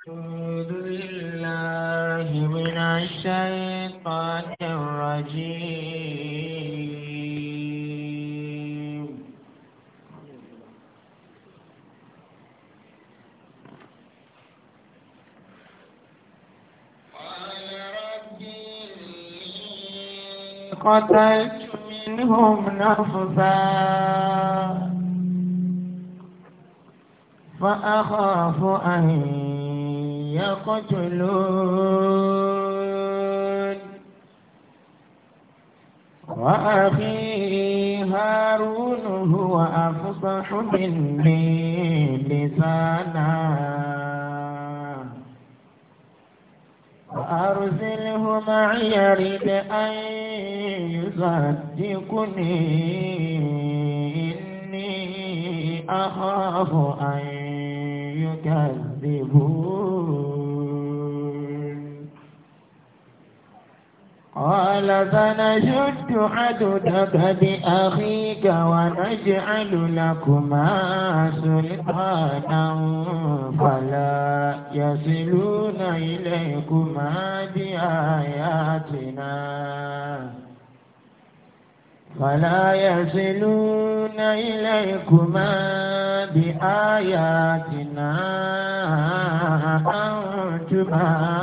أعوذ بالله من الشيطان الرجيم قال ربي قتلت منهم نفسا فأخاف أن يقتلون وأخي هارون هو أفصح مني لسانا وأرسله معي ريد أن يصدقني إني أخاف أن يكذبون قال فنشد حدثك بأخيك ونجعل لكما سلطانا فلا يصلون إليكما بآياتنا فلا يصلون إليكما بآياتنا أنتما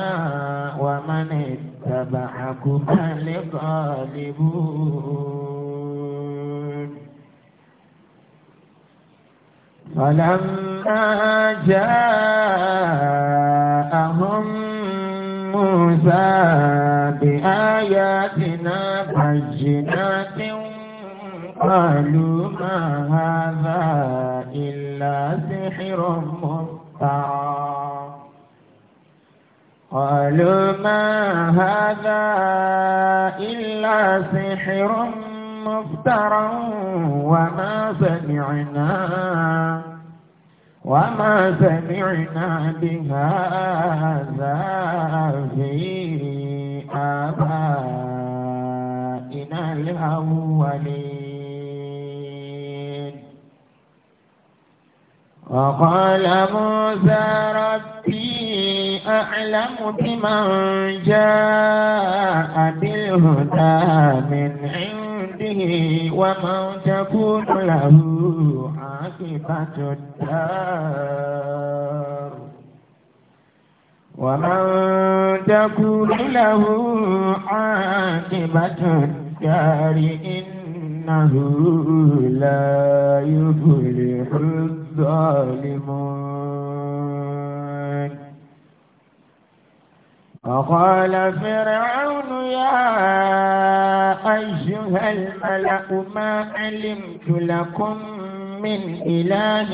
ومن سبحكما لغالبون فلما جاءهم موسى بآياتنا بجنات قالوا ما هذا إلا سحر مفترى قالوا ما هذا إلا سحر مفترى وما سمعنا وما سمعنا بهذا في آبائنا الأولين وقال موسى ربي أعلم بمن جاء بالهدى من عنده ومن تكون له عاقبة الدار ومن تكون له عاقبة الدار إنه لا يفلح الظالمون فقال فرعون يا أيها الملأ ما علمت لكم من إله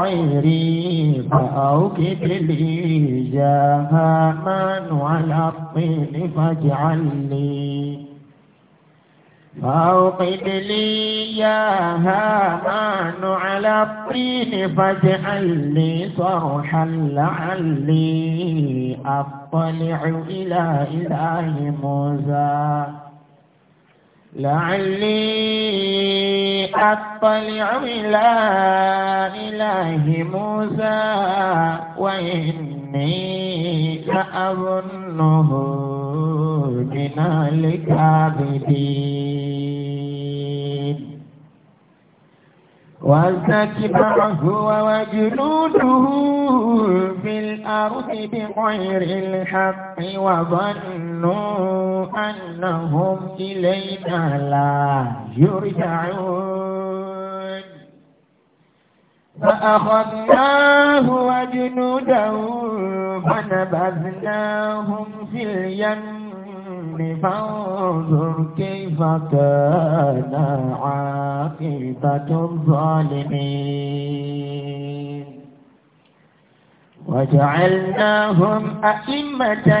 غيري فأوكد لي جاهامان على الطين فاجعل لي فأوقد لي يا هامان على الطين فاجعل لي صرحا لعلي أطلع إلى إله موسى لعلي أطلع إلى إله موسى وإني لأظنه من الكاذبين واستكبر هو وجنوده في الأرض بغير الحق وظنوا أنهم إلينا لا يرجعون فأخذناه وجنوده فنبذناهم في اليم الأمر فانظر كيف كان عاقبة الظالمين وجعلناهم أئمة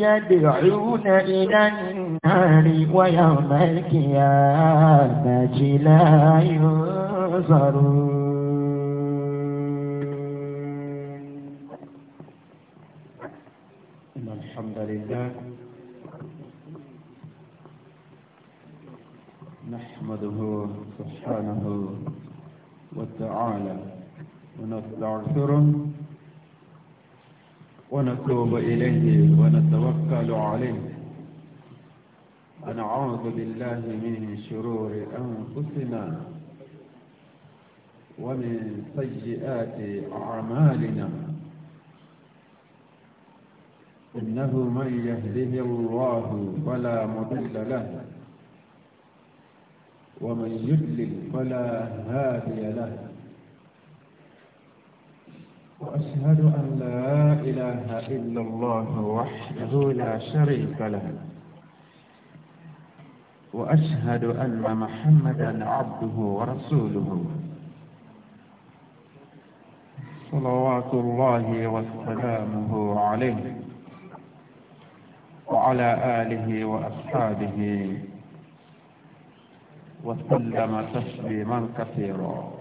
يدعون إلى النار ويوم القيامة لا ينصرون نحمده سبحانه وتعالى ونستغفره ونتوب إليه ونتوكل عليه ونعوذ بالله من شرور أنفسنا ومن سيئات أعمالنا إنه من يهده الله فلا مضل له ومن يدلل فلا هادي له وأشهد أن لا إله إلا الله وحده لا شريك له وأشهد أن محمدا عبده ورسوله صلوات الله وسلامه عليه وعلى آله وأصحابه وسلم تسليما كثيرا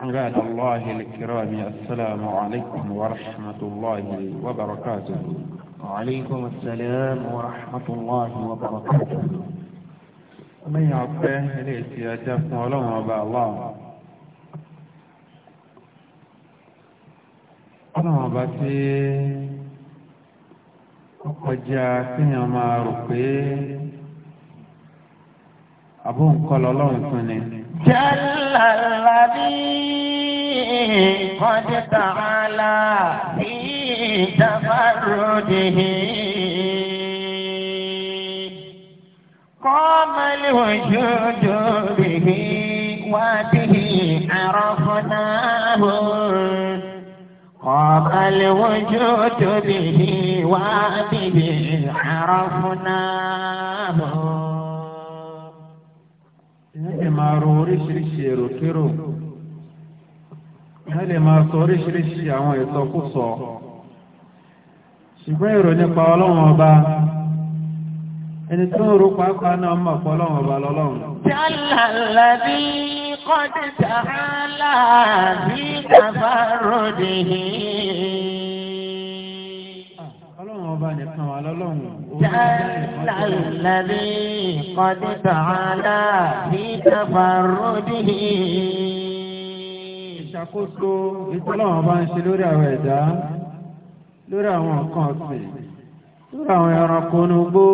عباد الله الكرام السلام عليكم ورحمة الله وبركاته وعليكم السلام ورحمة الله وبركاته من يعطيه ليس يجفن ولما الله ọlọ́run ọba tí ọkọjá àbó nǹkan lọ́lọ́run tún ni. jẹ́lá lábí kọ́jú tààlà sí ìdáfàròdì. قام الوجود به وبه عرفناه قام الوجود به وبه عرفناه lè máa ro oríṣiríṣi èrò kérò wọ́n lè máa sọ oríṣiríṣi ṣùgbọ́n èrò nípa ọlọ́run ọba ẹni tó ń ro pàápàá náà mọ̀ pọ̀ ọlọ́run ọba lọ́lọ́run. Ah, ọlọ́run ọba nìkan wà lọ́lọ́run. جعلنا الذي قد تعالى في تفرده ìṣàkóso ìtọ́lọ́wọ́n bá ń ṣe lórí àwọn ẹ̀dá lórí àwọn nǹkan ọ̀sìn lórí àwọn ẹranko onugbó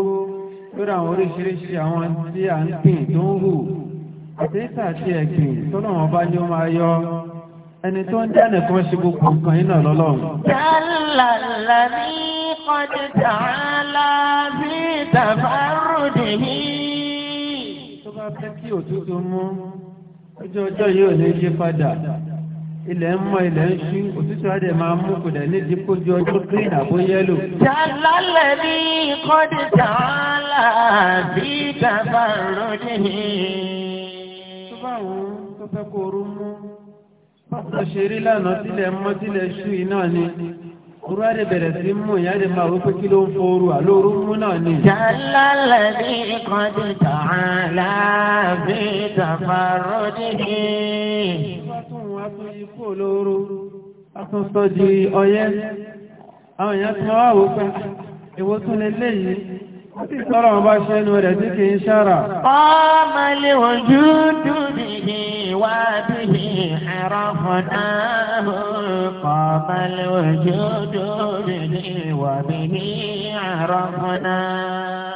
lórí àwọn oríṣiríṣi àwọn tí a ń pìn tó ń hù àti níta ẹ̀gbìn ìtọ́lọ́wọ́n bá ní ó máa yọ ẹni tó ń dá nìkan ṣe gbogbo nǹkan yìí lọ́lọ́run. قد تعالى في تفرده tó bá fẹ́ kí ní yí padà ilẹ̀ ń mọ ilẹ̀ ń ṣú òtútù adé máa mú kò dẹ̀ ní ìdí kójú ọjọ́ green àbó yẹ́lò. jàlálẹ̀ ní kọ́dí tààlà bí bàbá ròdì. tó bá wù ú tó fẹ́ kó orú mú bá tó ṣe rí lánàá sílẹ̀ mọ́ sílẹ̀ ṣú iná ni. Kúrọ́ de bẹ̀rẹ̀ sí mú ìyá de máa wípé kí ló ń fooru àlóoru mú náà ni. Jàlá lẹ́bí kan ti tàn láàbí tàfàrọ́ dídí. Wọ́n tún wá tún ikú olóró, a tún sọ di ọyẹ́. Àwọn èèyàn tún wá wò pé ah, èwo tún lè léyìí. Wọ́n ti sọ̀rọ̀ wọn ṣe ẹnu rẹ̀ tí kì í ṣára. Ọmọ ilé ojú dùn ní ìwádìí ẹ̀rọ fọ̀nà. قام الوجود به وبه عرفناه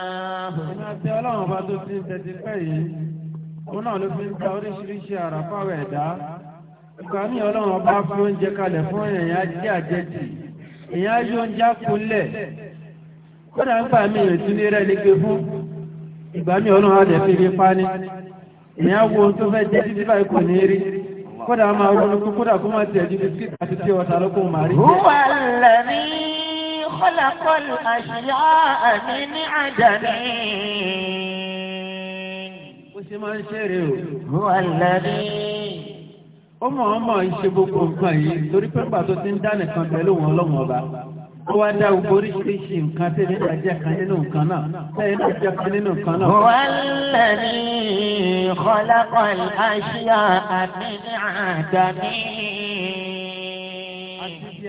ọlọ́run ló fi ń ta oríṣiríṣi àrà fáwọn ẹ̀dá ìgbà ní ọlọ́run oúnjẹ kalẹ̀ fún èèyàn àjẹjì èèyàn kódà mí léke fún ìgbà ọlọ́run èèyàn wo ohun tó kódà máa ronúkú kódà kó máa tẹ̀jú bisikì àti tí ọ̀tà lókun máa rí jẹ́. lẹ́ni kọ́lákọ́lù àṣìyá àmì ní àjàní. ó ṣe máa ń ṣeré o. wúwa lẹ́ni. ó mọ̀ ọ́n mọ̀ ń ṣe gbogbo nǹkan yìí torí pé ńgbà tó ti ń dá nìkan pẹ̀lú wọn lọ́wọ́ ó wá dá oríṣiríṣi nǹkan tẹ́lẹ̀ náà jẹ́ kan nínú nǹkan náà tẹ́lẹ̀ náà jẹ́ kan nínú nǹkan náà. wọ́n lè ní kọ́lákọ́lá ṣíà àti ní àdáni.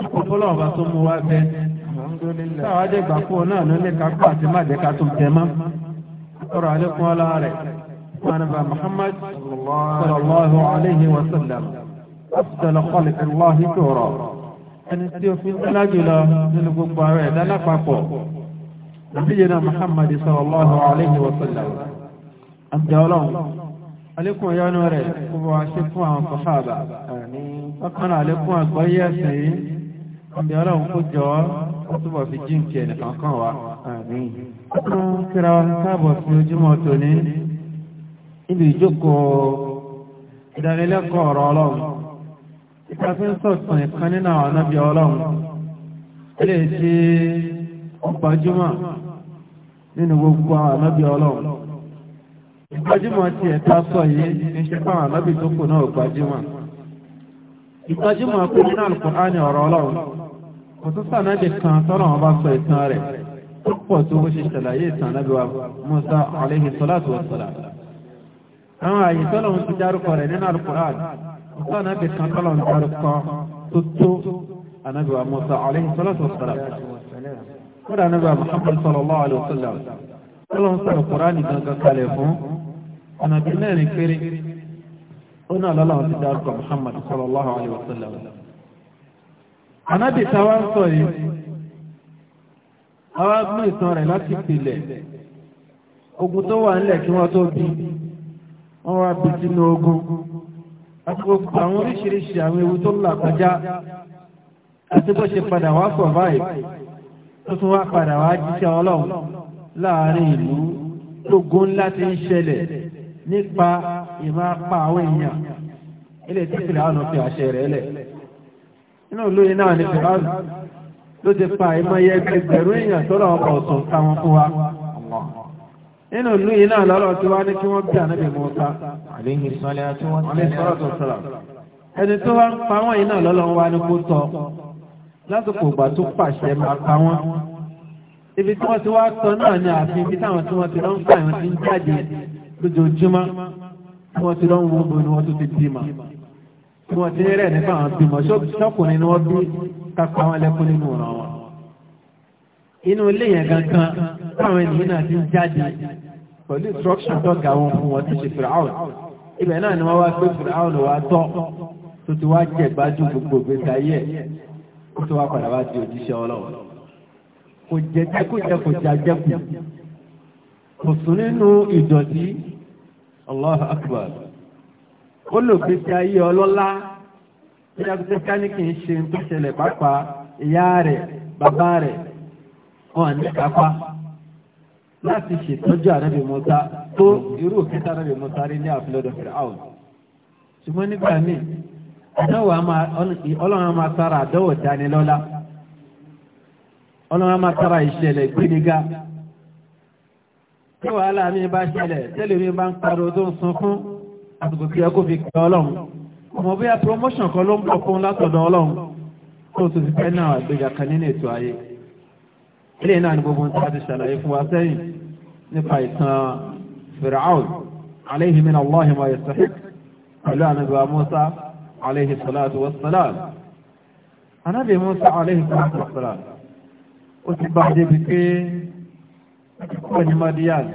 ọkọ̀ fọlọ́wọ́n bá tó mú wá bẹ́ táwọn adégbà fún ọ náà ló ní kápá àti májèká tó tẹ̀ mọ́ ọ̀rọ̀ àlékún ọlá rẹ̀ mọ̀nàbà Muhammad sallallahu alayhi wa sallam afdal khalq Allah tóorọ̀ ẹni tí ó fi ń tẹ́lá jùlọ nínú gbogbo ara ẹ̀dá lápapọ̀ nàbíyẹnà Muhammad sallallahu alayhi wa sallam abdallah àlékún ọ̀yọ́nú rẹ̀ kó wa ṣe fún àwọn sàhábà ọkàn àlékún àgbáyé ẹ̀sìn yìí ọ̀dẹ̀ ọlọ́run kó jọ ó túbọ̀ fi jíǹkì ẹnìkan kan wa àmín kíra wa káàbọ̀ sí ojúmọ́ tòní níbi ìjókòó ìdánilẹ́kọ̀ọ́ ọ̀rọ̀ ọlọ́run ń sọ̀tàn ìkan nínú àwọn anábì ìtajú máa kó nínú Al-Kùránì ọ̀rọ̀ ọlọ́run kò tó sànájì kan tọ́nà ọba sọ ìtàn rẹ̀ tó pọ̀ tó bó ṣe ṣàlàyé ìtàn Ànábì wa Musa alayhi salatu wa salam àwọn àyè tọ́lọ́run ti dárúkọ rẹ̀ nínú Al-Kùránì kò sànájì kan tọ́lọ́run dárúkọ tó tó ó náà lọ́lọ́run ti dárúkọ Muhammad sallallahu alayhi wa sallam anábì táwa ń sọ yìí àwa gbọ́n ìtàn rẹ̀ láti pilẹ̀ ogun tó wà nílẹ̀ kí wọ́n tó bí wọ́n wá bí sínú ogun àti gbogbo àwọn oríṣiríṣi àwọn ewu tó ń là kọjá àti bó ṣe padà wá pọ̀ báyìí tó tún wá padà wá jíṣẹ́ ọlọ́run láàárín ìlú lógún ńlá ti ń ṣẹlẹ̀ nípa ìmá pa àwọn èèyàn ilé tí fìlà ọ̀nà fi àṣẹ rẹ̀ lẹ̀ inú lóyìn náà ni fìlà ló ti pa ìmọ̀ yẹ ẹgbẹ̀rún èèyàn sọ́rọ̀ ọkọ̀ ọ̀sán táwọn fún wa inú lóyìn náà lọ́rọ̀ tí wá ní kí wọ́n bí ànábì Mùsá ẹni tó wá ń pa wọ́n yìí náà lọ́lọ́ wa ni kó tọ́ lásìkò ìgbà tó pàṣẹ máa pa wọ́n ibi tí wọ́n ti wá tọ́ náà ni àfi ibi táwọn tí wọ́n ti lọ́ ń pààyàn ti ń jáde lójoojúmọ́ tí wọ́n ti lọ́wọ́ gbogbo ni wọ́n tó ti bímọ tí wọ́n ti rẹ̀ nípa àwọn bímọ ṣọ́kùnrin ni wọ́n bí kápá wọn lẹ́kún nínú ọ̀ràn wọn. inú ilé yẹn gangan táwọn ènìyàn náà ti ń jáde pẹ̀lú instruction tọ́ga wọn fún wọn tó ṣe fìràwọ̀ ibẹ̀ náà ni wọ́n wá gbé fìràwọ̀ wá tọ́ tó ti wá jẹ̀ gbájú gbogbo ìgbésí ayé ẹ̀ kó tó wá padà wá di òjíṣẹ́ ọlọ́wọ́ kò jẹ́ jẹ́kùjẹ́kù jẹ́ jẹ́kù kò sùn nínú ìdọ̀tí Allahu Akbar ó lò gbèsè ayé ọlọ́lá bí agbèsè kání ṣe tó ṣẹlẹ̀ ìyá rẹ̀ bàbá rẹ̀ wọn ní kápá láti ṣètọ́jú ànábì tó irú òkúta ànábì Mùsá rí ní àfilọ́dọ̀ ṣùgbọ́n nígbà tara dánilọ́lá ọlọ́run a tara ìṣẹ̀lẹ̀ tí wàhálà mi bá ṣẹlẹ̀ tẹ́lẹ̀ mi bá ń pariwo tó ń sun fún àsìkò tí ẹ kó fi kẹ́ ọlọ́run ọmọ bóyá promotion kan ló ń bọ̀ fún látọ̀dọ̀ ọlọ́run tó tún fi fẹ́ náà àgbéga kan nínú ètò ayé ilé náà ni gbogbo nǹkan ti ṣàlàyé fún wa sẹ́yìn nípa ìtàn Fir'aun alayhi min Allah ma yastahiq pẹ̀lú ànábì wa Musa alayhi salatu wa salam ànábì Musa alayhi salatu wa salam ó ti bá débi pé kúrò ní madian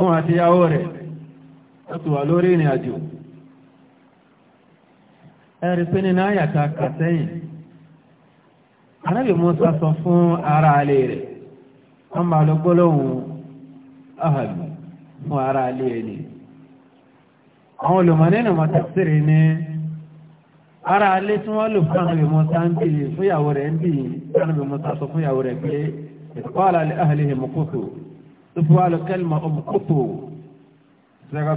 wọn àti yàwó rẹ̀ ó ti wà lórí ìrìn àjò ẹ̀rí pé nínú àyàtà kàtẹ́yìn anábì Musa sọ fún ara alẹ́ rẹ̀ wọ́n máa lọ gbólóhùn ahàlù fún ara alẹ́ ẹni àwọn olùmọ̀nínà mọ̀tàsírì ní ara alẹ́ tí wọ́n lò fún anábì Musa ń bì fúyàwó rẹ̀ ń bì anábì Musa sọ fúyàwó rẹ̀ pé قال لأهلهم قطوا تفعل كلمة أم قطوا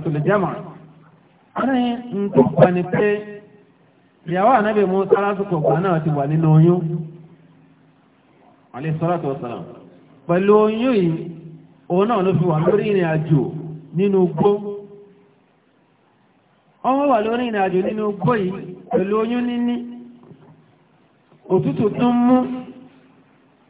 الجمع أنا نتوقعني ìyàwó ànábì Mùsá lásìkò ti wà nínú oyún alayhi salatu wassalam pẹ̀lú oyún yìí òun náà n'ofe wà lórí ìrìn nínú gbó yìí pẹ̀lú oyún níní òtútù tún mú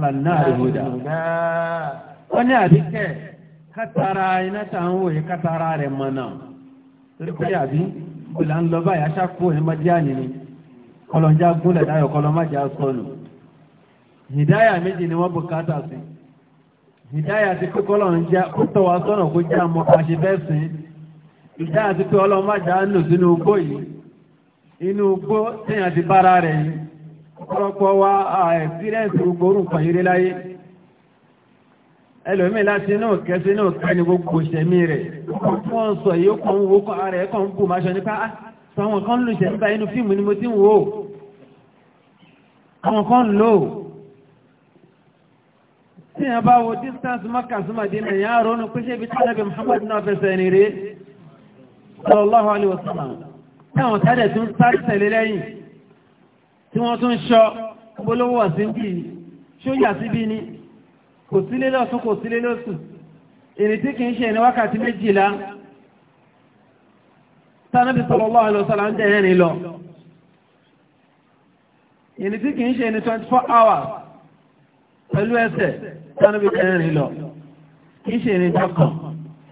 wọ́n ní àdíkẹ́ kátara iná tà ń wòye kátara rẹ̀ mọ̀ náà torí pé àbí bùlá ń lọ báyìí aṣáko ìmọ̀já nìyí kọlọ̀njá gúnlẹ̀ dáyọ̀ kọlọ̀májá sọnù hìdáyà méjì ni wọ́n bùkátà sí hìdáyà ti pé kọlọ̀njá ó tọ́wà sọ́nà kó já mọ́ ti pé ọlọ́májá nù sínú ugbó yìí inú ugbó ti bára rẹ̀ ọ̀pọ̀lọpọ̀ wa experience gbogbo orúkọ ìrí láyé ẹlòmí láti inú kẹsí inú kẹni gbogbo ṣẹ̀mí rẹ̀ wọ́n sọ yíó kan wo kọ́ ara ẹ̀ kan bù máṣọ nípa ah, àwọn kan lù ṣẹ̀ nípa inú fíìmù ni mo ti ń wò àwọn kan lò tí a bá wo distance maka súnmọ̀dé náà yà rọ́nù pé ṣe bí tánàbí Muhammad náà fẹsẹ̀ ní rẹ̀ sallallahu alaihi wasallam táwọn tàdẹ̀ tún sáré tẹ̀lé lẹ́yìn tí wọ́n tún ṣọ́ gbólówó ọ̀sìnkì ṣóyà síbí ni kò sílé lọ́sùn kò sílé lọ́sùn ìrètí kì í ṣe ní wákàtí méjìlá tánàbí sallallahu alaihi wasallam ń jẹ́ rìn lọ ìrètí kì í ṣe ní 24 hours pẹ̀lú ẹsẹ̀ tánàbí jẹ́ rìn lọ kì í ṣe ní jọ́kàn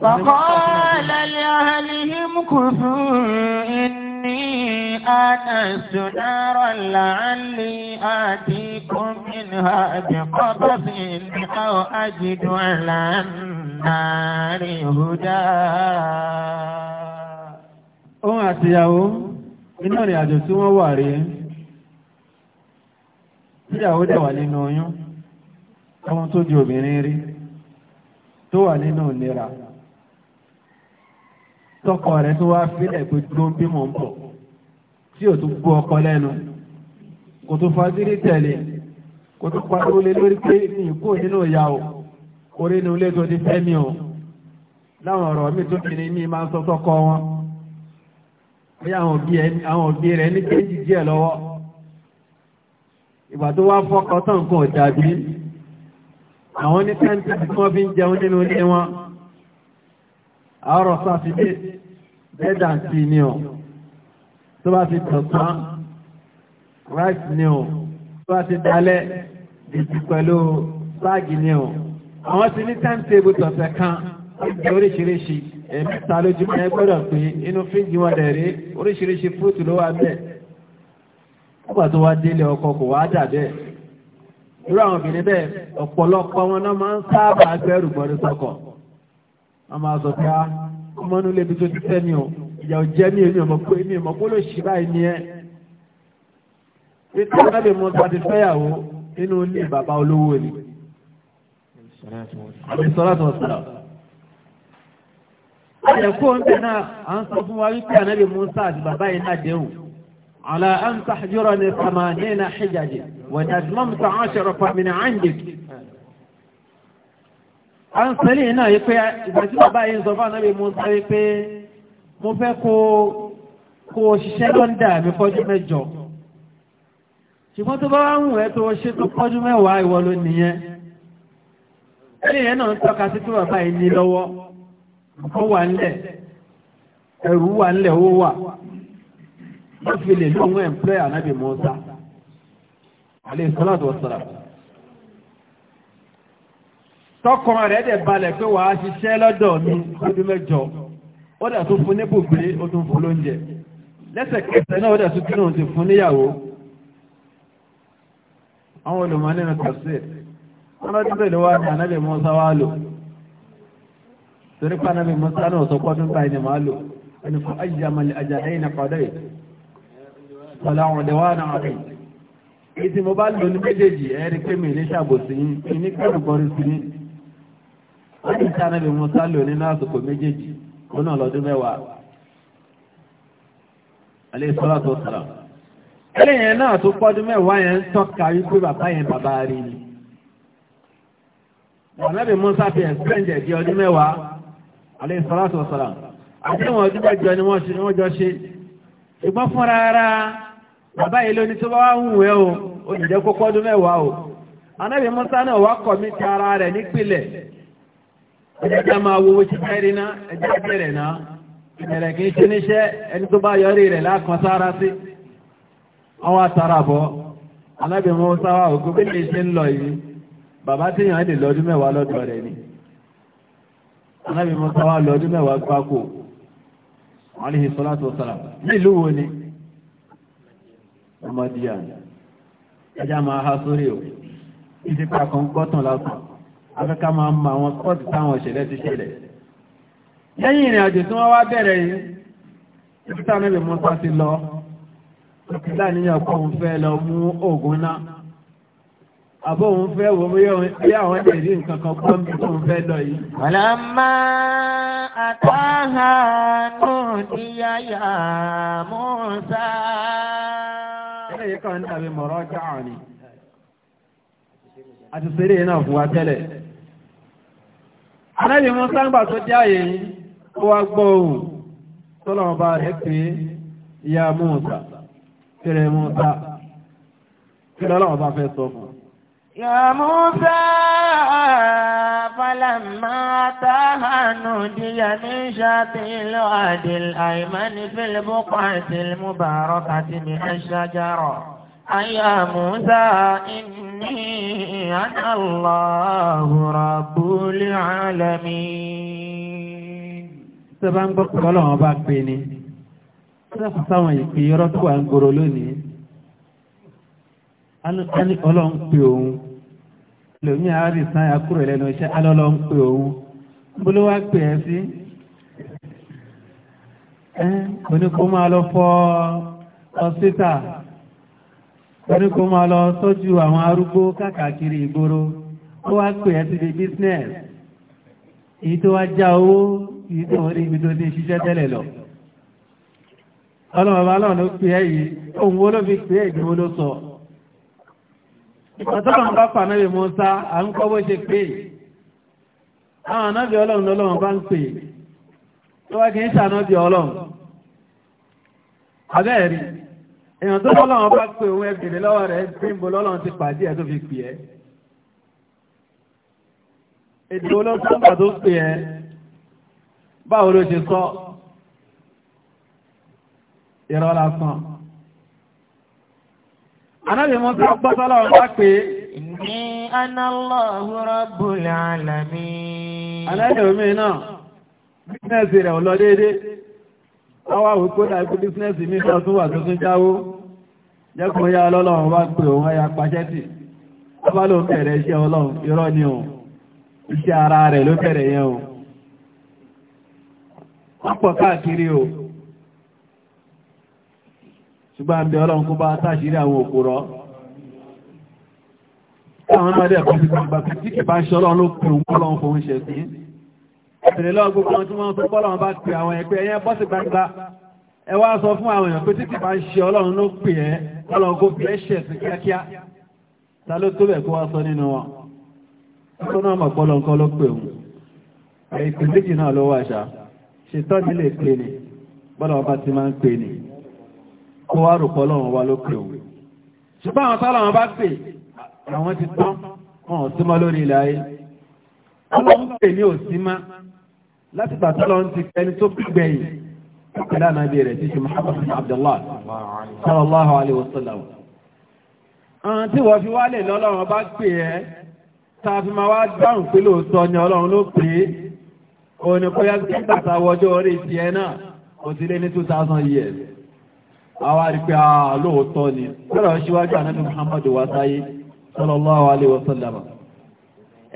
فقال لأهلهم كثوا إني آنست نارا لعلي آتيكم منها بقبس أو أجد على النار هدى Òun àti ìyàwó inú ìrìn àjò tí wọ́n wà rí ìyàwó dẹ̀ wà nínú oyún, ọmọ tó di obìnrin rí tó wà nínú ìlera. Tọkọ rẹ̀ tó wá fílẹ̀ gbogbo bímọ ń bọ̀ tí o tún gbọ́ ọkọ lẹ́nu kò tún fagídí tẹ̀lé kò tún pariwo lé lórí pé mi kò nínú ìyá o orí inú ilé tó ti fẹ́ mi o láwọn ọ̀rọ̀ mi tó fi ni mi máa ń sọ sọ́kọ wọn bí àwọn òbí rẹ̀ ní kéjì díẹ̀ lọ́wọ́ ìgbà tó wá fọ́kọ tán nǹkan ò dàbí àwọn ní tẹ́ǹtì tí wọ́n fi ń jẹun nínú ilé wọn àárọ̀ sáfidé bẹ́ẹ̀dà sí ni ọ̀ tó bá fi tọ̀tán rice ni o tó bá ti dalẹ̀ dìtì pẹ̀lú báàgì ni àwọn ti ní timetable tọ̀sẹ̀ kan ìgbẹ́ oríṣiríṣi ẹ̀mí ta lójúmọ́ ẹ gbọ́dọ̀ pé inú fíjì wọn dẹ̀ rí oríṣiríṣi fúrúùtù ló wà bẹ́ẹ̀ ọgbà tó wá délé ọkọ kò wá dà bẹ́ẹ̀ irú àwọn obìnrin bẹ́ẹ̀ ọ̀pọ̀lọpọ̀ wọn náà máa ń sábà gbẹ́rù gbọ́dọ̀ sọkọ̀ wọ́n máa sọ pé ah, ọmọ inú lébi tó ti fẹ́ mi o ìyà òjẹ́ ní èmi ọmọ pé èmi ọmọ pé ló ṣì báyìí ni ẹ́ pété ọ̀gáde mọ́ tó ti fẹ́yàwó nínú ilé bàbá olówó ni àbí sọ́lá tó sọ́lá àyẹ̀kú oúnjẹ náà à ń sọ fún wa wípé ànábì Musa àti bàbá yìí náà dẹ́hùn على أن تحجرني ثمانين حججا وأتممت عشر فمن عندك à ń sẹ́lẹ̀ náà yìí pé ìgbà tí bàbá yìí ń sọ fún ànábì Musa yìí pé mo fẹ́ kó kó ṣiṣẹ́ lọ́ndà mi kọjú mẹ́jọ ṣùgbọ́n tó bá wá ń wẹ̀ tó ṣe tó kọjú mẹ́wàá ìwọ ló nìyẹn ẹni yẹn náà ń tọ́ka sí tó bàbá yìí ní lọ́wọ́ ó wà ńlẹ̀ ẹ̀rù wà ńlẹ̀ ó wà wọ́n fi lè lóhun ẹ̀mplẹ́ ànábì Mùsá alayhi salatu wassalam tọkùnrin rẹ̀ dẹ̀ balẹ̀ pé wàá ṣiṣẹ́ lọ́dọ̀ mi lọ́dún mẹ́jọ ó dà tó fún níbù pé ó tún fún lóúnjẹ lẹ́sẹ̀kẹsẹ̀ náà ó dà tó tún ti fún níyàwó àwọn olùmọ̀ nínú tọ̀sí wọ́n lọ́dún pẹ̀lú wá ní ànábì Mùsá wá lò torí pa ànábì Mùsá náà sọ ni máa lò ẹni fún ayé àmàlẹ̀ àjàdá ìnà padà yìí pẹ̀lú àwọn ọ̀dẹ̀wà náà mo bá lò ní méjèèjì ẹ̀rí pé ní ṣàbòsí yín ní kẹ́rù bọ́rí sí yín wọ́n ti ṣe ànábì nínú àsìkò méjèèjì òun náà lọ́dún mẹ́wàá alẹ́ sọ́lá tó sọ̀rọ̀ ẹlẹ́yìn náà tó pọ́dún mẹ́wàá yẹn ń tọ́ka wípé bàbá yẹn bàbá rí ni ọ̀nàbì musa fi ẹ̀sìpẹ́ǹdẹ̀ di ọdún mẹ́wàá alẹ́ sọ́lá tó sọ̀rọ̀ àti ìwọ̀n ọdún mẹ́jọ ni wọ́n jọ ṣe ṣùgbọ́n fúnra ara bàbá yìí ló ní tó bá wà ń wẹ̀ o olùjẹ́ kó pọ́dún mẹ́wàá o ọ̀nàbì musa náà wá kọ̀ mí ti ara rẹ̀ nípìnlẹ̀ ẹjá máa wówó ti fẹ́rí náà ẹjá bẹ̀rẹ̀ náà ìbẹ̀rẹ̀ ṣe níṣẹ́ ẹni tó bá yọrí rẹ̀ lákan sára sí ọwọ́ àtàràbọ̀ alábìmọ̀ sáwà òkú bí lè ṣe ń lọ yìí bàbá tí yàn lè lọ́dún mẹ́wàá lọ́dọ̀ rẹ̀ ni alábìmọ̀ alayhi salatu wa salam nílùú wo ni afẹ́ká máa mọ àwọn kọ́ọ̀tù táwọn ìṣẹ̀lẹ̀ ti ṣẹlẹ̀ lẹ́yìn ìrìn àjò tí wọ́n wá bẹ̀rẹ̀ yìí títà níbi mọ́ta ti lọ títà níyàn kọ́ òun fẹ́ lọ mú oògùn náà àbọ̀ òun fẹ́ wò bí àwọn lè nǹkan kan gbọ́ mi tó ń fẹ́ lọ yìí. ọ̀làmà àtàhà nù níyàyà mùsà. ẹlẹ́yìí kan ń dàbí mọ̀rọ̀ ọjà àrùn ni àti sẹ́rẹ̀ náà fún wa tẹ́lẹ̀. Ànábì Mùsá ńgbà tó dé àyè yìí, ó wá gbọ́ ohùn tó lọ́wọ́ bá rẹ̀ pé ya Mùsá, kéré Mùsá, kí lọ́wọ́ bá fẹ́ sọ fún. Ya Mùsá, falamma táhà nù díyà ní ṣáàtì ìlú àdìl àìmánì fil buq'atil mubarakati min ash-shajara. أيا موسى إني أنا الله رب العالمين سبحان الله وبارك بيني sẹ́fù sáwọn ìpè irọ́ tó wà ń gbòòrò lónìí alùpàní ọlọ́run pè òun lòmí àárí sáyà kúrò lẹ́nu iṣẹ́ alọ́lọ́run pè òun bólú wá pè ẹ́ sí ẹ́ oníkó máa lọ fọ́ ọ́sítà torí kó máa lọ tọ́jú àwọn arúgbó káàkiri ìgboro ó wá pè ẹ́ síbi business èyí tó wá já owó èyí tó rí ibi tó ti ṣiṣẹ́ tẹ́lẹ̀ lọ ọlọ́run ọba ọlọ́run ló pè ẹ́ yìí òun wo ló fi pè é ìdí wo ló sọ ìpàtọ́lọ́run bá fà náà mọ́ sá à ń kọ́ bó ṣe pè é àwọn anábì ọlọ́run lọ́lọ́run bá ń pè é tó wá kì í ṣànábì ọlọ́run abẹ́ẹ̀rí èèyàn tó lọ́lọ́wọ́ bá pé òun ẹbìrì lọ́wọ́ rẹ̀ gbígbó lọ́lọ́wọ́ ti pàdé ẹ̀ tó fi pè ẹ́ èdè olóòtúnbà tó pè ẹ́ báwo ló ṣe sọ irọ́ lásán anábì mú sí ọgbọ́sọ́ lọ́wọ́ bá pé ní anallahu rabbul alamin anábì omi náà bísínẹ́sì rẹ̀ ò lọ déédéé wọ́n wá wípé náà ikú bísínẹ́sì mi sọ tún wà tuntun jáwó jẹ́kùn yá ọlọ́run wá pé òun ẹ̀yà pàṣẹ́tì wọ́n bá ló ń bẹ̀rẹ̀ iṣẹ́ ọlọ́run irọ́ ni o iṣẹ́ ara rẹ̀ ló bẹ̀rẹ̀ yẹn o wọ́n pọ̀ káàkiri o ṣùgbọ́n àbí ọlọ́run kó bá táṣírí àwọn òkúrọ́ àwọn ọmọdé ẹ̀kọ́ ẹ̀bìnrin lọ gbogbo wọn tí wọ́n tó pọ́lọ̀ wọn bá pè àwọn ẹgbẹ́ ẹyẹ bọ́sì gbangba ẹ wá sọ fún àwọn èèyàn pé títí bá ń ṣe ọlọ́run ló pè ẹ́ ọlọ́run kó fi ẹ̀ṣẹ̀ sí kíákíá ta ló tó bẹ̀ kó wá sọ nínú wọn tó náà mọ̀ pọ́lọ̀ nǹkan ló pè òun ẹ̀yìn méjì náà ló wà ṣá ṣètọ́ nílé pè ní bọ́lọ̀ wọn bá ti máa ń pè ní kó wá rò pọ́lọ̀ wọn wá ló pè òun ṣùgbọ́n àwọn tọ́lọ̀ wọn bá pè àwọn ti tán wọn ò símọ́ lórí ilẹ̀ ayé ọlọ́run pè ní òsímá láti pàtàlọ́ ń ti ẹni tó gbẹ̀yìn pẹ̀lú ànábì rẹ̀ títí Muhammad bin Abdullah sallallahu alayhi wa sallam. àwọn tí wọ́n fi wálé lọ́lọ́run bá pè ẹ́ tá a fi máa wá dáhùn pé lóòótọ́ ni ọlọ́run ló pè é òun ni kó yá sí bàtà wọjọ́ orí tiẹ̀ náà kò sí lé ní two years. àwa rí pé àá ah, lóòótọ́ ni kọ́lọ̀ síwájú ànábì Muhammad wa sáyé sallallahu alayhi wa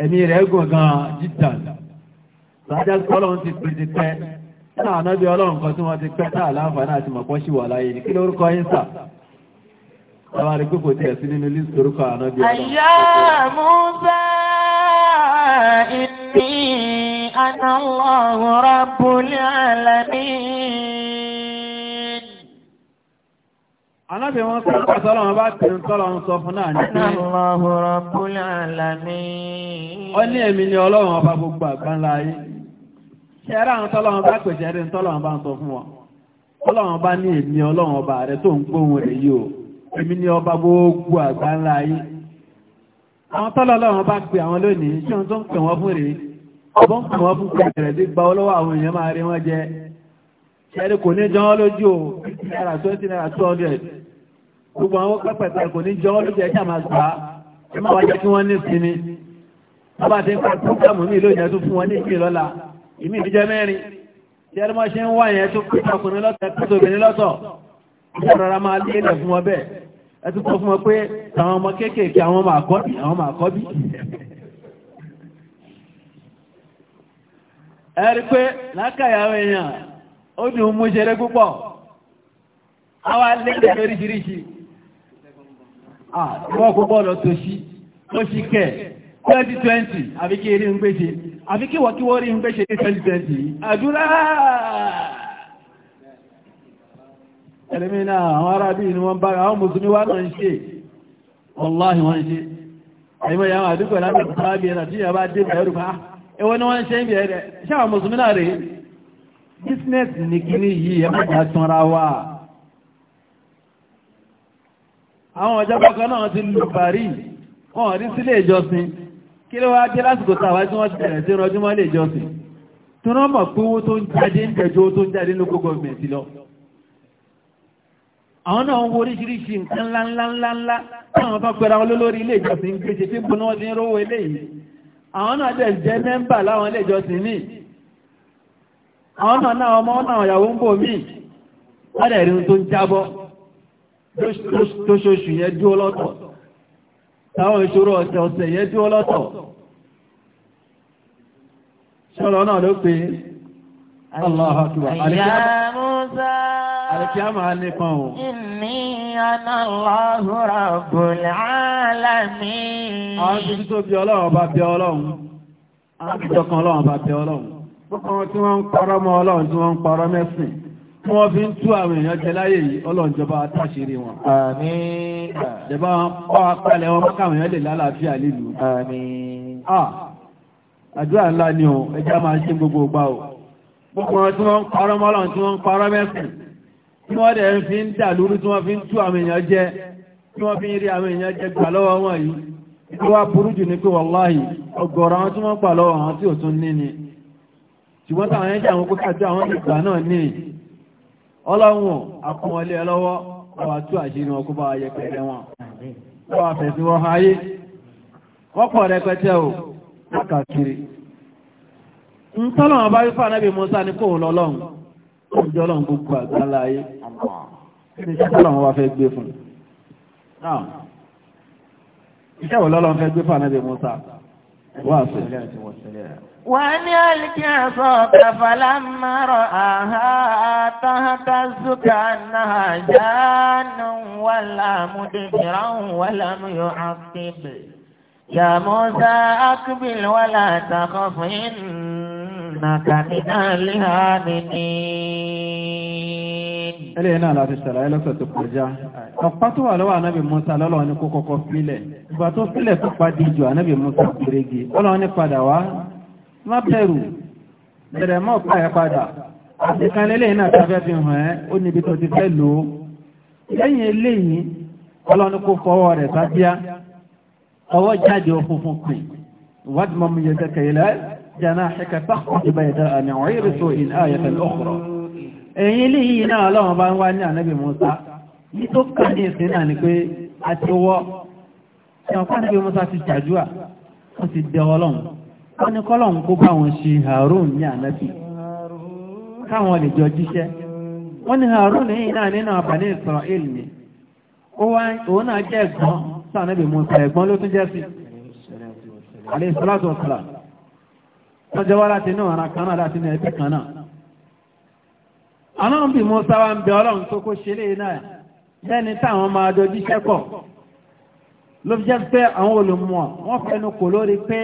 ẹ̀mí rẹ̀ gùn gan-an jíjàn. Tàjá kọ́lọ́run ti pè ti pẹ́. Nínú àwọn ọ̀nàbí ọlọ́run kan tí wọ́n ti pẹ́ náà láǹfààní àti mọ̀pọ́ sí wà láyé ní kí lórúkọ yín sà. Àwọn àrígbò kò tiẹ̀ sí nínú lísì orúkọ ànábí ọlọ́run. Àyà Musa Alamin. Ànábì wọn sọ pé tọ́lọ́run bá ti ń tọ́lọ́run Àná Allahu Rabbul Alamin. Ó ní èmi ni ọlọ́run ọba ṣẹ́rá àwọn tọ́lọ́wọ́n bá pèsè rí tọ́lọ́wọ́n bá ń sọ fún wọn tọ́lọ́wọ́n bá ní èmi ọlọ́wọ́n ọba rẹ tó ń gbóhùn rẹ̀ yìí o èmi ní ọba gbogbo àgbà ńlá yìí àwọn tọ́lọ́wọ́n bá pè àwọn lónìí ṣé wọn tó ń pè wọ́n fún rèé ọbọ̀n pè wọ́n fún pẹ̀lẹ̀ bí gba ọlọ́wọ́ àwọn èèyàn máa rí wọ́n jẹ́ ìmí ìdíjẹ́ mẹ́rin tí ẹni máa ṣe ń wá yẹn tó pín lọ́tọ̀ ẹ̀kọ́ obìnrin lọ́tọ̀ ìṣòrara máa lé ilẹ̀ fún ọbẹ̀ ẹ fún ọ pé àwọn ọmọ kéékèèké àwọn ọmọ àkọ́bí àwọn pé lákàyàwó èèyàn ó dùn mú ṣeré púpọ̀ àwa 2020 àbí kí erí ń gbéṣe àbí kí wọ́n kí wọ́n rí ń gbéṣe ní 2020 àdúrà ẹlẹ́mìnà àwọn arábí ni wọ́n bára àwọn mùsùlùmí wá náà ń ṣe ọláhì wọ́n ṣe àìmọ̀ ìyàwó àdúgbò láti ìpàábí ẹ̀nà tí yàbá dé bẹ̀rù pa ẹwọ́n ni wọ́n ṣe ń bẹ̀rẹ̀ ṣáwà mùsùlùmí náà rèé business ní kíní yìí ẹ máa tanra wa àwọn wọ́n rí sílé ìjọsìn kí ló wá dé lásìkò tàwà tí wọ́n ti bẹ̀rẹ̀ sí rọjúmọ́ lè jọsìn tó rán mọ̀ pé owó tó ń jáde ń jẹjọ tó ń jáde lókó gọ́ọ̀mẹ̀ntì lọ àwọn náà ń wo oríṣiríṣi nǹkan ńláńláńláńlá táwọn bá pẹ̀lú àwọn olólórí ilé ìjọsìn ń gbèsè tí gbóná wọn ti ń rówó eléyìí àwọn náà dẹ̀ jẹ́ mẹ́mbà láwọn ilé ìjọsìn míì àwọn náà náà ọmọ náà ìyàwó ń bò míì wọ́n dẹ̀ rí ohun tó ń jábọ́ táwọn ìṣòro ọ̀sẹ̀ ọ̀sẹ̀ yẹ tí ó lọ́tọ̀ ṣọ́lọ́ náà ló pé Allah akbar Àlẹ́kíámà nípa ọ̀. Inni ana Allahu rabbul alamin. Àwọn tí tó bí ọlọ́run bá bí ọlọ́run. Àwọn tí tọkàn ọlọ́run bá bí ọlọ́run. Gbọ́kàn tí wọ́n ń parọ́ mọ́ ọlọ́run tí wọ́n fi ń tú àwọn èèyàn jẹ láyé yìí ọlọ́njọba táṣírí wọn. àmín. jẹba ọ apalẹ̀ wọn káwọn èèyàn lè lálàáfíà lílu. àmín. àdúrà ńlá ni o ẹja máa ṣe gbogbo ọgbà o gbogbo wọn tí wọ́n ń parọ́ mọ́lọ̀ ọlọ́run àkọmọlé ọlọ́wọ́ ọwà tó àṣírí wọn kó bá ayẹ pẹ̀lẹ́ wọn ayé rẹpẹtẹ o lákàkiri ń tọ́lọ̀wọ̀n bá wípà náà bí Mùsá ní kò lọ́lọ́run واصل وأن يلقي عصاك فلما رآها تهتز كأنها جان ولا مدبرا ولم يعقب يا موسى أقبل ولا تخف إنك من الهامنين ẹlẹ́yìn náà láti ṣàlàyé lọ́sẹ̀ tó kọjá ọ̀pá tó wà lọ́wọ́ anábì musa lọ́lọ́wọ́ ní kó kọ́kọ́ sílẹ̀ ìgbà tó sílẹ̀ tó padì jù anábì musa gbèrègè ọlọ́wọ́ ní padà wá má bẹ̀rù bẹ̀rẹ̀ mọ́ ọ̀pá ẹ̀ padà àti kan lélẹ́yìn náà tàbí fi hàn ẹ́ ó níbi tó ti fẹ́ lò ó lẹ́yìn eléyìí ọlọ́wọ́ ní kó fọwọ́ rẹ̀ sábíá ọwọ́ jáde òfunfun ẹ̀yìn ilé yìí náà ọlọ́run bá ń wá ní Musa ní tó kà ní ìsìn náà ni pé a ti wọ́ ẹ̀wọ̀n kọ́ ànábì Musa ti ṣàjúà wọ́n ti dẹ ọlọ́run wọ́n ní kọ́lọ́run kó bá wọn ṣe Harun ní ànábì káwọn lè jọ jíṣẹ́ wọ́n ní Harun yìí náà nínú ni òun náà jẹ́ ẹ̀gbọ́n sí Musa ẹ̀gbọ́n ló tún jẹ́ sí ọlọ́run bí mo sáwá ń bẹ ọlọ́run tó kó ṣe lè náà lẹ́ni táwọn máa dojú iṣẹ́ pọ̀ ló fi jẹ́ pé àwọn olùmọ̀ wọ́n fẹnu kò lórí pé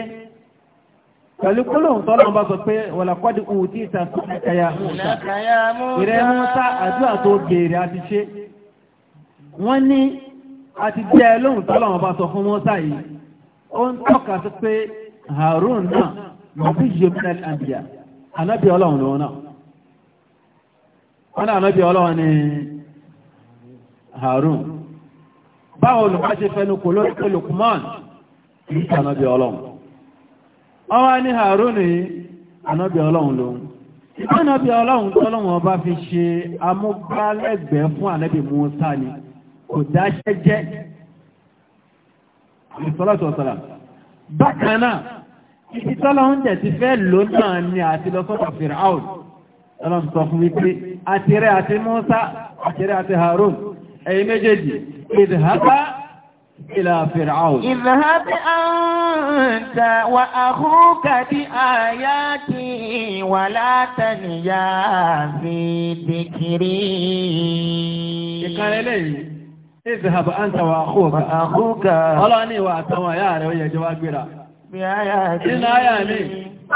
pẹ̀lú kólóhùn tọ́lọ́run bá sọ pé wọ̀làkọ́dì kò tí ìta sí ẹ̀yà Musa ìrẹ́ Musa àdúrà tó béèrè àti ṣe wọ́n ní àti jẹ́ lóhùn tọ́lọ́run bá sọ fún Musa yìí ó ń tọ́ka sí pé Harun náà mọ̀ bí yemina àbíyá anábì ọlọ́run wọ́n náà lọ́bí ọlọ́wọ́ ni Harun báwo olùkọ́ ṣe fẹ́nu kò lórí pé Lukman kìí ṣe ànábì ọlọ́run wọ́n wá ní Harun ní ànábì ọlọ́run lòun ànábì ọlọ́run tọ́lọ́run ọba fi ṣe amúgbálẹ́gbẹ̀ẹ́ fún ànábì Musa ni kò dáṣẹ́ jẹ́ ìsọ́lọ́tọ̀ ọ̀sọ̀lá bákan náà ìtọ́lọ́run jẹ̀ ti fẹ́ lónà ni àti lọ́sọ́tọ̀ Fir'aun ọlọ́n sọ fún wípé àtìrẹ́ àti Mùsá àtìrẹ́ àti Harun ẹ̀yin méjèèjì ìdìhábá ilẹ̀ Fir'aun. ìdìhábá àǹtà wà àhúkà bí àyá ti wà látàníyà sí dìkìrí. ìkàlẹ̀ lẹ́yìn ìdìhábá àǹtà wà àhúkà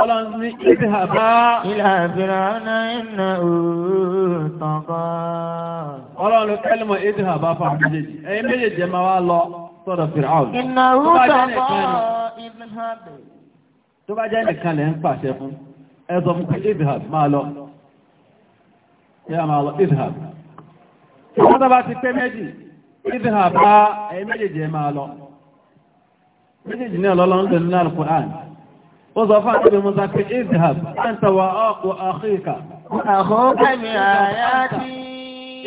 Ọlọ́run ní ìdíhàbá. iná òòtọ̀kọ́. Ọlọ́run kẹ́lùmọ̀ ìdíhàbá fún àwọn méjèèjì. Ẹ̀yin méjèèjì wá lọ sọ́dọ̀ Fìràún. Iná òòtọ̀kọ́ máa lọ. Yá máa lọ lọ. ń lò nínú Al-Qur'an. wọ́n sọ fún àtẹ́bẹ̀ musa pé izhab anta wa aku akhika akhuka bi ayati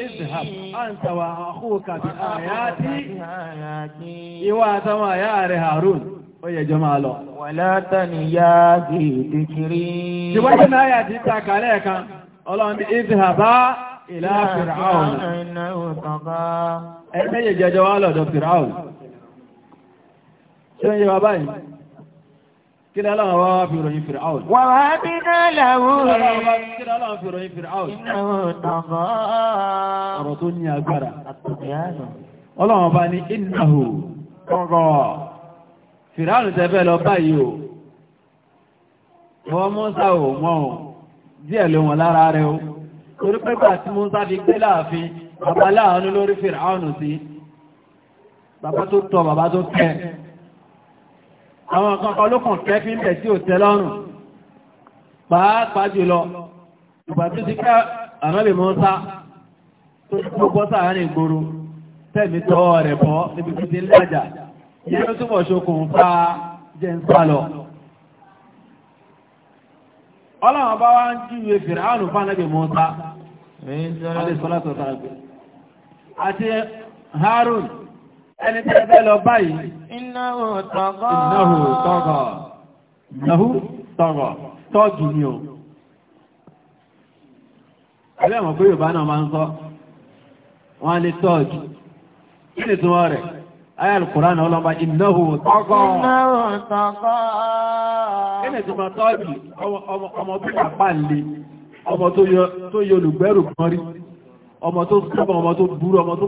izhab anta wa akhuka bi ayati ìwọ àtàwọn àyá rẹ̀ harun ó yẹ jọ máa lọ wala taniyati dhikri ṣíwájú náà yà ti ta kàlẹ́ kan ọlọ́run izhaba ẹgbẹ́ yẹ jẹjọ wá lọ́dọ̀ fir'aun ṣe ń yẹ wa báyìí Kíni aláwọ̀ wá wá fi ròyìn Fir'aun? Wà wá bí náà làwọ̀ rẹ̀. Kíni aláwọ̀ fi ròyìn Fir'aun? Ìnáwó tọ̀gọ́. Ọ̀rọ̀ tó ní agbára. Ọlọ́run bá ní ìnáwó tọ̀gọ́. Fir'aun tẹ́fẹ́ lọ báyìí o. Wọ́n Mọ́sá ò mọ́ o. Díẹ̀ ló wọn lára rẹ̀ o. Torí pé bá tí Mọ́sá fi gbé láàfin, bàbá láàánú lórí Fir'aun sí. Bàbá tó tọ́, bàbá tó tẹ́ àwọn kankan ló kàn fẹ́ fi ń bẹ̀ sí òtẹ́ lọ́rùn pàápàá jùlọ ìgbà tó ti ká ànábì Mùsá tó tó bọ́ sáàárín ìgboro tẹ̀mí tọ́ rẹ̀ bọ́ níbi tó ti ń lájà yìí ló túbọ̀ ṣokùnfà jẹ́ ń sálọ. ọlọ́run bá wá ń júwe Fìràánù fún ànábì Mùsá àti Harun ẹni tẹ́ fẹ́ lọ báyìí. Innahu tagha. Innahu tagha. Innahu tagha. Tọ́ọ̀gì ni o. Ẹlẹ́ mọ̀ pé Yorùbá náà máa ń sọ. Wọ́n á lé tọ́ọ̀gì. Kí ni túnmọ̀ rẹ̀? Ayé Al-Qur'an ọlọ́mọ innahu tagha. Innahu tagha. Kí ni túnmọ̀ tọ́ọ̀gì? Ọmọ Ọmọ tó yọ olùgbẹ́rù kan rí. Ọmọ tó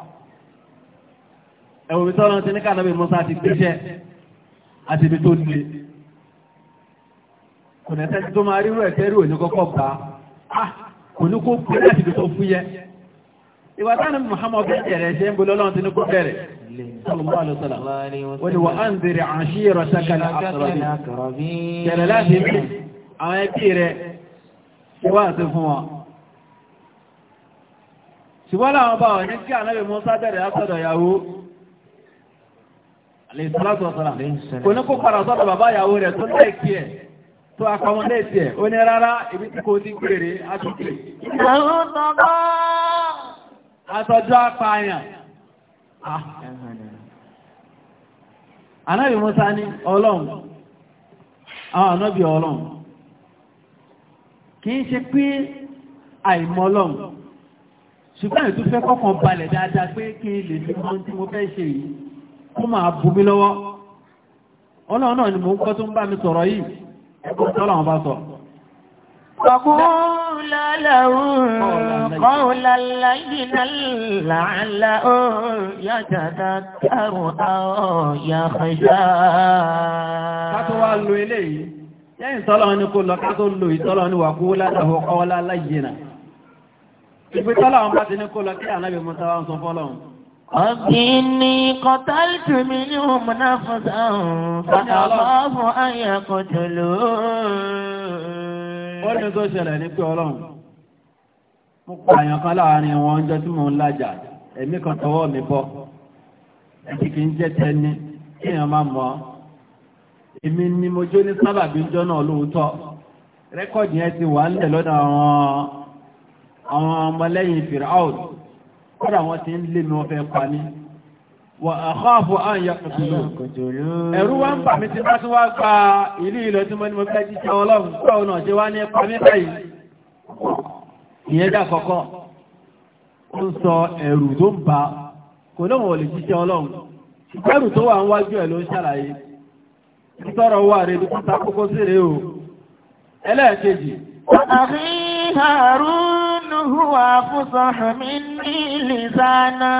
ẹ̀wọ̀n mi tọ́lọ́ ti ní kànáàbì Musa ti gbéṣẹ́ àti ibi tó le kò ní ẹsẹ̀ tó máa rírú ẹ̀kẹ́ rí òní kọ́kọ́ gbà á ah, kò ní kó gbé láti ibi tó fúyẹ́ ìwà táwọn Muhammad bí ẹ̀rẹ̀ ṣe ń bolọ́ lọ́wọ́ ti ní kó bẹ̀rẹ̀ sallallahu alaihi wasallam wọ́n ni wọ́n á ń bèrè ashiratak al-aqrabin tẹ̀rẹ̀ láti ibi àwọn ẹbí rẹ̀ ṣe àti fún wọn ṣùgbọ́n láwọn bá wọn ní kí àlèsàlátù ọ̀sọ̀lá kò ní kó padà sọ́dọ̀ bàbá ìyàwó rẹ̀ tó lẹ́ẹ̀kí ẹ̀ tó àpamọ́ lẹ́ẹ̀kí ẹ̀ ó ní rárá ibi tí kò ti gbèrè àtúkè. àtọ́jú apààyàn. anábì ah. musa ní ọlọ́run àwọn anábì ọlọ́run kì í ṣe pé ṣùgbọ́n ètò kọ́kàn balẹ̀ dáadáa pé kí lè fi mọ́ tí mo fẹ́ ṣe yìí kó máa bú mi lọ́wọ́ ọlọ́run náà ni mo ń kọ́ tó ń bá mi sọ̀rọ̀ yìí ẹ̀kọ́ bá sọ Ìgbé tọ́lọ́run bá ti ní kó lọ kí ànábì Mùsá wá ń sọ fọ́lọ́run. أبني قتلت منهم نفسا فأخاف أن يقتلون. ó ní tó ṣẹlẹ̀ ní pé ọlọ́run mo pa àyàn kan láàrin wọn ọjọ́ tí mò ń lájà ẹ̀mí kan tọwọ́ mi bọ́ ẹ̀kí kì í jẹ́ tẹni kí èèyàn máa mọ̀ ọ́ èmi ni mo jó ní sábàbí ọjọ́ náà lóòótọ́ rẹ́kọ̀dì yẹn ti wà ń lẹ̀ lọ́dọ̀ àwọn ọmọlẹ́yìn fìràwọ̀ kọ́dà wọ́n ti ń lé mi wọ́n fẹ́ pa ní wà àkọ́ọ̀fù àyà kòtòlù ẹ̀rú wá ń bà mí tí bá tún wá gba ìlú ilẹ̀ tí mo ní mo fẹ́ jí tẹ́ ọlọ́run pọ̀ náà jẹ́ wá ní ẹpa mí báyìí ìyẹn wà ń wájú min lisana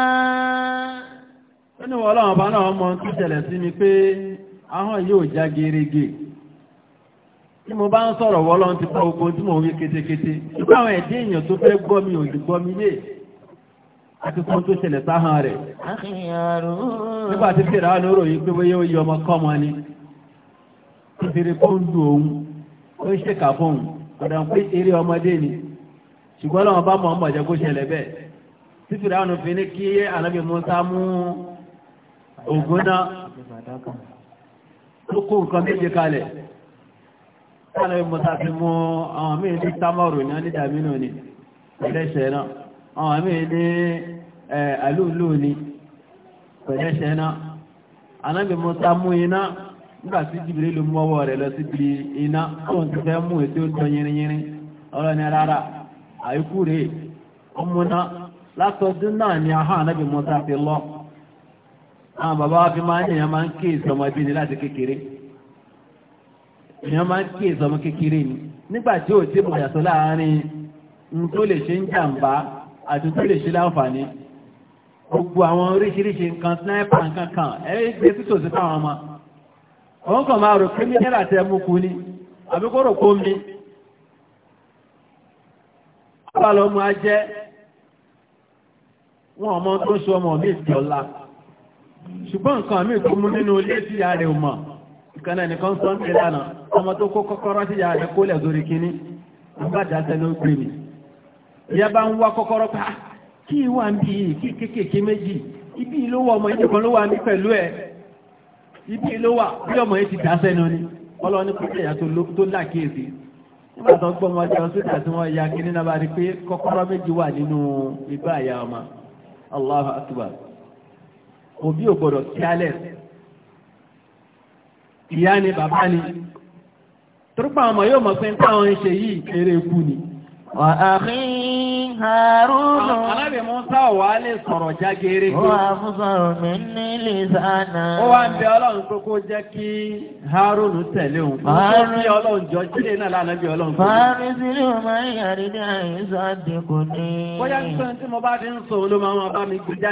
ó ní wọ́n lọ́wọ́ bá náà mọ́ tó ṣẹlẹ̀ sí mi gerege tí mo bá ń sọ̀rọ̀ wọ́n lọ́n ti bá oko tí mo wí ketekete nígbà àwọn ẹ̀dẹ́ èèyàn tó fẹ́ gbọ́ mi ò lè gbọ́ mi lé àti fún tó ṣẹlẹ̀ sáhàn rẹ̀ ọmọ ni fèrè kó ń du òun ó ń ṣèkà ọ̀dà ń pé eré ọmọdé ni ṣùgbọ́n bá mọ̀ tí fìdáwọn fi ní kí ànábì Mùsá mú ògùn náà tó kó nǹkan méje kalẹ̀ ànábì Mùsá fi mú àwọn míì ní támọ̀rù ní onídàmínú ni pẹ̀lẹ́ṣẹ̀ náà àwọn míì ní àlúùlù ni pẹ̀lẹ́ṣẹ̀ náà ànábì Mùsá mú iná nígbàtí jìbìrì ló mọ́wọ́ rẹ̀ lọ sí ibi iná tó ń ti fẹ́ mú ètò ìtọ́ yìnyín ọlọ́ni rárá àìkú rèé ọmọ látọdún náà ni àhán anábì Mùsá fi lọ àwọn bàbá wa fi máa ń èèyàn máa ń kí ìsọmọ ẹbí ni láti kékeré èèyàn máa ń kí ìsọmọ kékeré ni nígbà tí ò tí mo yàtọ̀ láàárín n tó lè ṣe ń jàǹbá àti tó lè ṣe láǹfààní gbogbo àwọn oríṣiríṣi nǹkan sniper nǹkan kan ẹ̀rí gbé títòsí fáwọn ọmọ òun kàn máa rò pé mílíọ̀nù àti ẹmu kú ni àbí rò kó mi. àbálọ̀ ọmọ ajẹ́ wọn ọmọ tó ṣe ọmọ ní ìsì ọlá ṣùgbọ́n nǹkan àmì ìkúmú nínú ilé sí ìyá rẹ̀ mọ̀ ìkànnà nìkan sọ ń ọmọ tó kó kọ́kọ́rọ́ sí ìyá rẹ̀ kó lẹ̀ sórí kínní nígbàdá tẹnu gbé mi ya bá ń wá kọ́kọ́rọ́ pa ah, kí wà ń bí kí méjì ibi ló wà ọmọ yìí kan ló wà ní pẹ̀lú ẹ̀ ibi ló wà bí ọmọ yìí ti dá sẹ́nu ni ọlọ́ni kò tẹ̀yà tó nígbà tó ya kínní náà bá rí pé kọ́kọ́rọ́ méjì wà nínú ìyá ọmọ Allahu akbar òbí ò gbọdọ̀ tí alẹ́ ìyá ni bàbá ni torípa ọmọ yóò mọ̀ pé táwọn ń ṣe yìí kéré kú ni. wà á Haruna. Ànábì Musa wà lè sọ̀rọ̀ jágere. Ó wà fúnfọ́ mi ní Lìsánà. Ó wá ń bẹ Ọlọ́run pé kó jẹ́ kí Haruna tẹ̀lé òun. Haruna ní Ọlọ́run jọ jílé náà lánàbí Ọlọ́run. Fáàrí sílé o máa ń yàrí ní àìsàn àdínkù ní. Bóyá ń sọ tí mo bá ti ń sọ ló mi gbé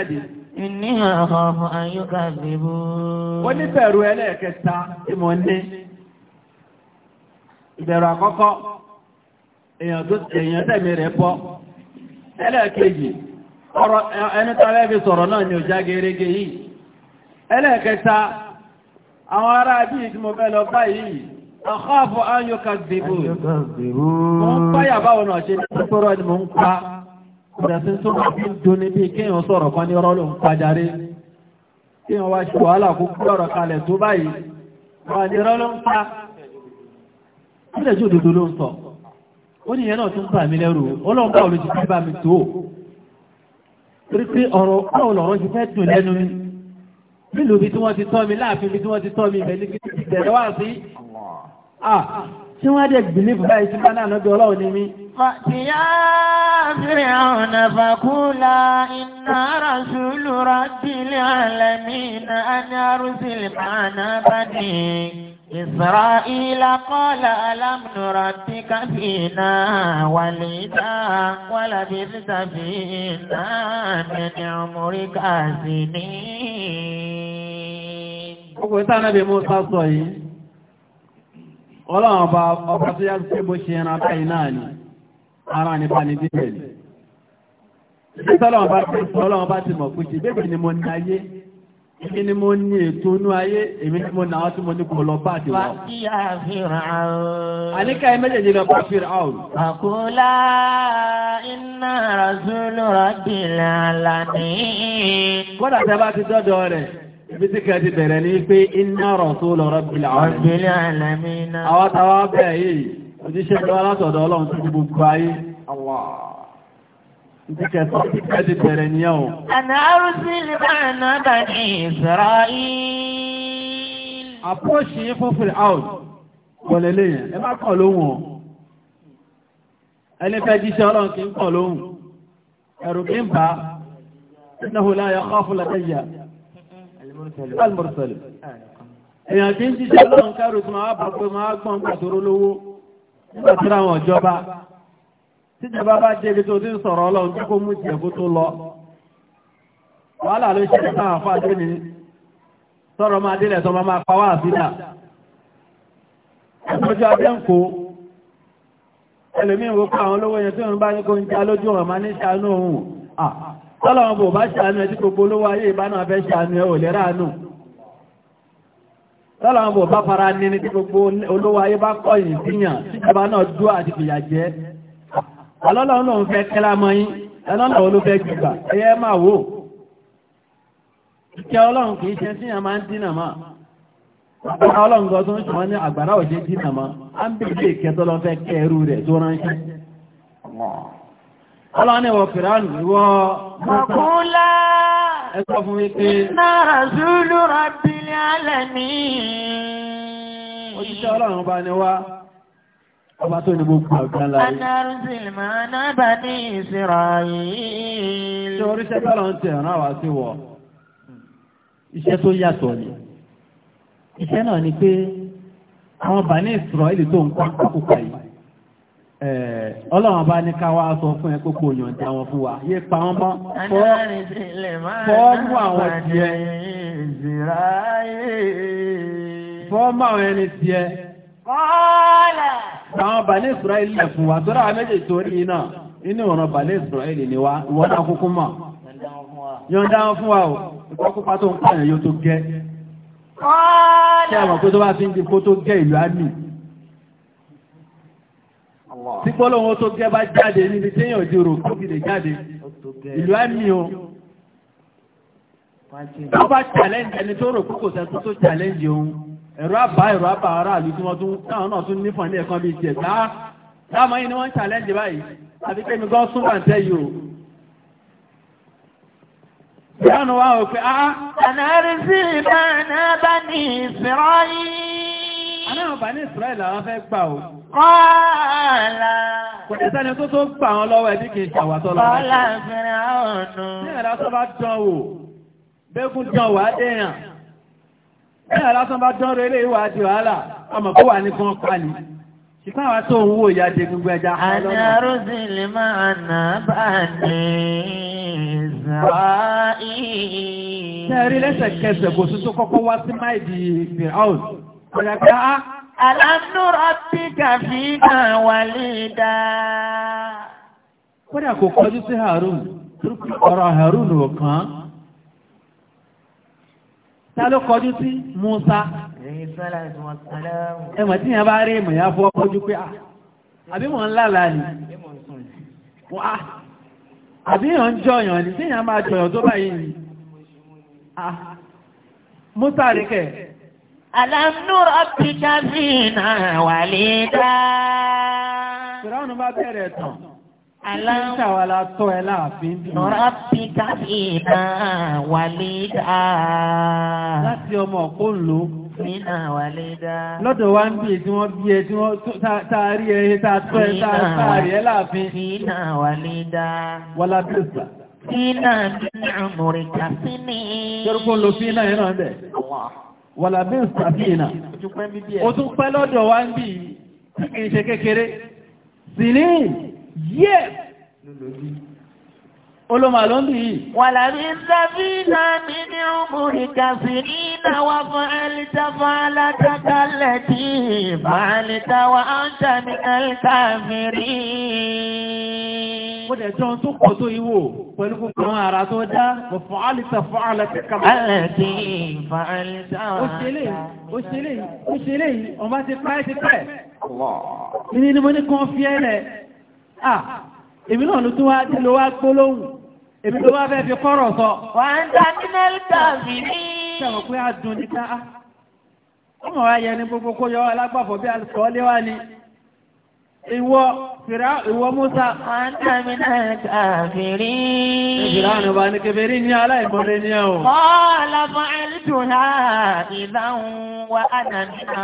Ìbẹ̀rù àkọ́kọ́, èèyàn tẹ̀mí rẹ̀ bọ́ ẹlẹ́ẹ̀kejì ẹni tàbí fi sọ̀rọ̀ náà ni ò já gerege yìí ẹlẹ́ẹ̀kẹta àwọn ará bí i tí mo fẹ́ lọ bá yìí àkọ́ọ̀fọ́ ayọ́ka dìbò mo ń báyà báwọn náà ṣe ní pẹ́pẹ́rọ ni mo ń pa ìrẹ̀sìn tó máa ó ní ìyẹn náà tún bà mí lẹ́rù ọlọ́run báwo ló ti fi bá mi tó torí pé ọ̀rọ̀ báwo ti fẹ́ dùn lẹ́nu mi nílùú ibi tí wọ́n ti tọ́ mi láàfin ibi tí wọ́n ti tọ́ mi ibẹ̀ kí ti tẹ̀lé wá sí. tí wọ́n dẹ̀ bìlífù báyìí sí bá náà lọ́dọ̀ ọlọ́run ní mi. Fàtíyá fìrì àwọn àfàkúlà iná rasúlù rọ́bìlì àlẹ́ mi iná á ní arúsìlì máa ná bá dìín. إسرائيل قال ألم نربك فينا وليدا ولبثت فينا من عمرك سنين. Ọkùnrin táwọn ẹbí Mọ́sá sọ yìí, ọlọ́run ọba ọba tó yá sí bó ṣe ẹran báyìí náà ni, ara ní bá ní bíbẹ̀ ni. Ṣé tọ́lọ́run bá ti mọ̀ kú ṣe, bébì ni mo ní ayé. Èmi ni mo ní ètò inú ayé, èmi ni mo náà tí mo ní kò lọ bá ti wọ́n. Wà kí a Fir'aun. Àníká ẹ méjèèjì lọ bá Fir'aun. Àkúlá inna rasulu rabbil alamin. Kọ́dà tẹ́ bá ti dọ́dọ̀ rẹ̀, ibi tí kẹ́ ti bẹ̀rẹ̀ ní pé inna rasulu rabbil alamin. Àwọn tàwa Àná arúsí lè máa ná bàní Israel. Àpọ́ṣì fún Fìrì Áùd, wọlé léyìn, ẹ má kọ̀ lóhùn ọ̀. Ẹni fẹ́ jíṣẹ́ ọlọ́run kì ń kọ̀ lóhùn. Ẹ̀rù kí ń bá, innahu la yakhafu ladayya. Al-Mursal. Èèyàn kì ń jíṣẹ́ ọlọ́run kẹ́rù tí máa bọ̀ pé máa gbọ́n pàtó tíjọba bá débi tó ti sọ̀rọ̀ ọlọ́run tó kó mú tiẹ̀ kó tó lọ wàhálà ló ṣe ní táwọn afá tó ní sọ̀rọ̀ máa délẹ̀ tó máa máa pawá àbídà ẹgbẹ́jọ́ abẹ́ǹkó ẹlòmíín wo kọ́ àwọn olówó yẹn tó ń bá ní kó ń já lójú ọ̀rọ̀ máa ní ṣàánú òun à tọ́lọ́wọ́n bò alọ́lọ́run lòun fẹ́ kẹ́lá mọ́ yín ẹlọ́lọ́run ló fẹ́ gbígbà ẹyẹ máa wò ìkẹ́ ọlọ́run kìí ṣe sí àmà ń dínà máa àgbàrá ọlọ́run gan tó ń ṣùgbọ́n ní àgbàrá òjé dínà máa á ń bèèrè ìkẹtọ́ lọ fẹ́ kẹrù rẹ̀ tó ránṣẹ́ ọlọ́run ni wọ fìránù wọ mọ́kúnlá ẹ sọ fún mi pé náírà zulu rabbil alamin òjíṣẹ́ ọlọ́run bá ní wá Ọba tó ní gbogbo ọ̀gán láyé. Anárùsìn máa náà bá ní ìsìnrà yìí. Ṣé oríṣẹ́ bẹ́rọ ń tẹ̀ rán wá sí wọ? Iṣẹ́ tó yàtọ̀ ni. Iṣẹ́ náà ni pé àwọn bà ní ìsìnrà ìlú tó ń kọ́ àkókò yìí. Ọlọ́run bá ní ká wá sọ fún ẹ pópó yọ̀ǹda wọn fún wa. Yé pa wọ́n mọ́. Fọ́ọ̀mù àwọn tiẹ̀. Fọ́ọ̀mù àwọn ẹni tiẹ̀. Kọ́ọ̀lá àwọn bàlẹ̀ Israẹli lẹ̀ fún wa tọ́rọ àmẹ́jì torí iná inú ọ̀nà bàlẹ̀ Israẹli ni wá ìwọ́n àkókò mọ̀ yọ̀ǹda fún wa o ìkọ́kúpa tó ń pààyàn yóò tó gẹ́ kí a mọ̀ pé tó bá fi ń di kó tó gẹ́ ìlú àmì tí pọ́lọ́wọ́ challenge ẹni tó rò kókò sẹ́tún tó challenge òun ẹ̀rọ àbá ẹ̀rọ àbá aráàlú tí wọ́n tún táwọn náà tún nífọ̀n ní ẹ̀kan bíi tiẹ̀ tá táwọn yìí ni wọ́n ń challenge báyìí àti pé mi gan sún bàǹtẹ́ yìí o. Ìyáàánú wa ò pé, "Ah! Ànárí sí ìbáná bá ní ìsìnrọ́ Anáà bá ní ìsìnrọ́ ìlà fẹ́ gbà o. Kọ́ọ̀lá. Kò ní sẹ́ni tó tó gbà wọn lọ́wọ́ ẹbí kì í ṣàwàtọ́ lọ́wọ́. Kọ́ọ̀lá ẹ̀yà lásán bá dánrọ ilé ìwà àti wàhálà ọmọ kó wà ní kan pàlì ṣìkọ́ àwọn tó ń wò ìyá dé gbogbo ẹja Tẹ́rí lẹ́sẹ̀kẹsẹ̀ kò tún tó kọ́kọ́ ah, náà wà lè dáa. Kọ́dà kò kọjú sí Harun, ọ̀rọ̀ Harun ò kàn ta ló kọjú sí Musa ẹmọ̀ tí yẹn bá rí ìmọ̀ yẹn fọ́ kọjú pé àbí mọ̀ ń lálàá ni àbí yàn ń jọyàn ni tí yẹn máa jọyàn tó báyìí ni Musa rí kẹ̀ Alam nurabbika fina Aláǹtà wa la tọ́ ẹ láàfin bí. Nọ̀rọ̀ bí dábì náà wà lé dáa. Láti ọmọ òpó lò. Mi náà wà lé dáa. Lọ́dọ̀ wa ń bíi tí wọ́n bí ẹ tí wọ́n taari ẹ tá a tọ́ ẹ tá a taari ẹ láàfin. Mi náà wà lé dáa. Wọ́lá bí o sà. Fínà ní àmúrí kàfí ni. Jẹ́rùkún lo fínà yẹn náà bẹ̀. Wọ́lá bí o sà fínà. O tún pẹ́ lọ́dọ̀ wa ń bíi kì í ṣe kékeré. Sìnìí yẹ́ olóma ló ń bí yìí. wàlàbí sábí náà ní ní ọmọdé kàfí ní ìdáwà fún ẹlítàfà alákàtàlẹ̀ tí ìbálítàwà ọ̀tàmì ẹlítàfìrí. Mo dẹ̀ jọ tó pọ̀ tó ìwò pẹ̀lú gbogbo àwọn ara tó dá, mo fọ́ àlítàfà alákàtàlẹ̀. Alẹ̀ tí ìbálítàwà. Ó ṣe lè yìí, ó ṣe lè yìí, ọmọ ti pẹ́ ti pẹ́. Nínú ni mo ní kí wọ́n fi ẹ́lẹ̀ ah èmi náà ló tún wá tí ló wá gbólóhùn èmi ló wá fẹ́ fi kọ́rọ̀ sọ. wọ́n ń ta mínẹ́lítà mi ní. sọ̀rọ̀ pé a dùn níta ọmọ wa yẹ ni gbogbo kó yọ alágbàfọ̀ bí alùpùpù wá ni. Ìwọ fìrá ìwọ Musa. Wọ́n ń ta mínẹ́lítà mi rí. Ìfìrá àwọn ọba ní kébèrè ní aláìmọ́lé ní ẹ̀ o. fún ẹ̀lítùn náà ìdáhùn wa ànàmínà.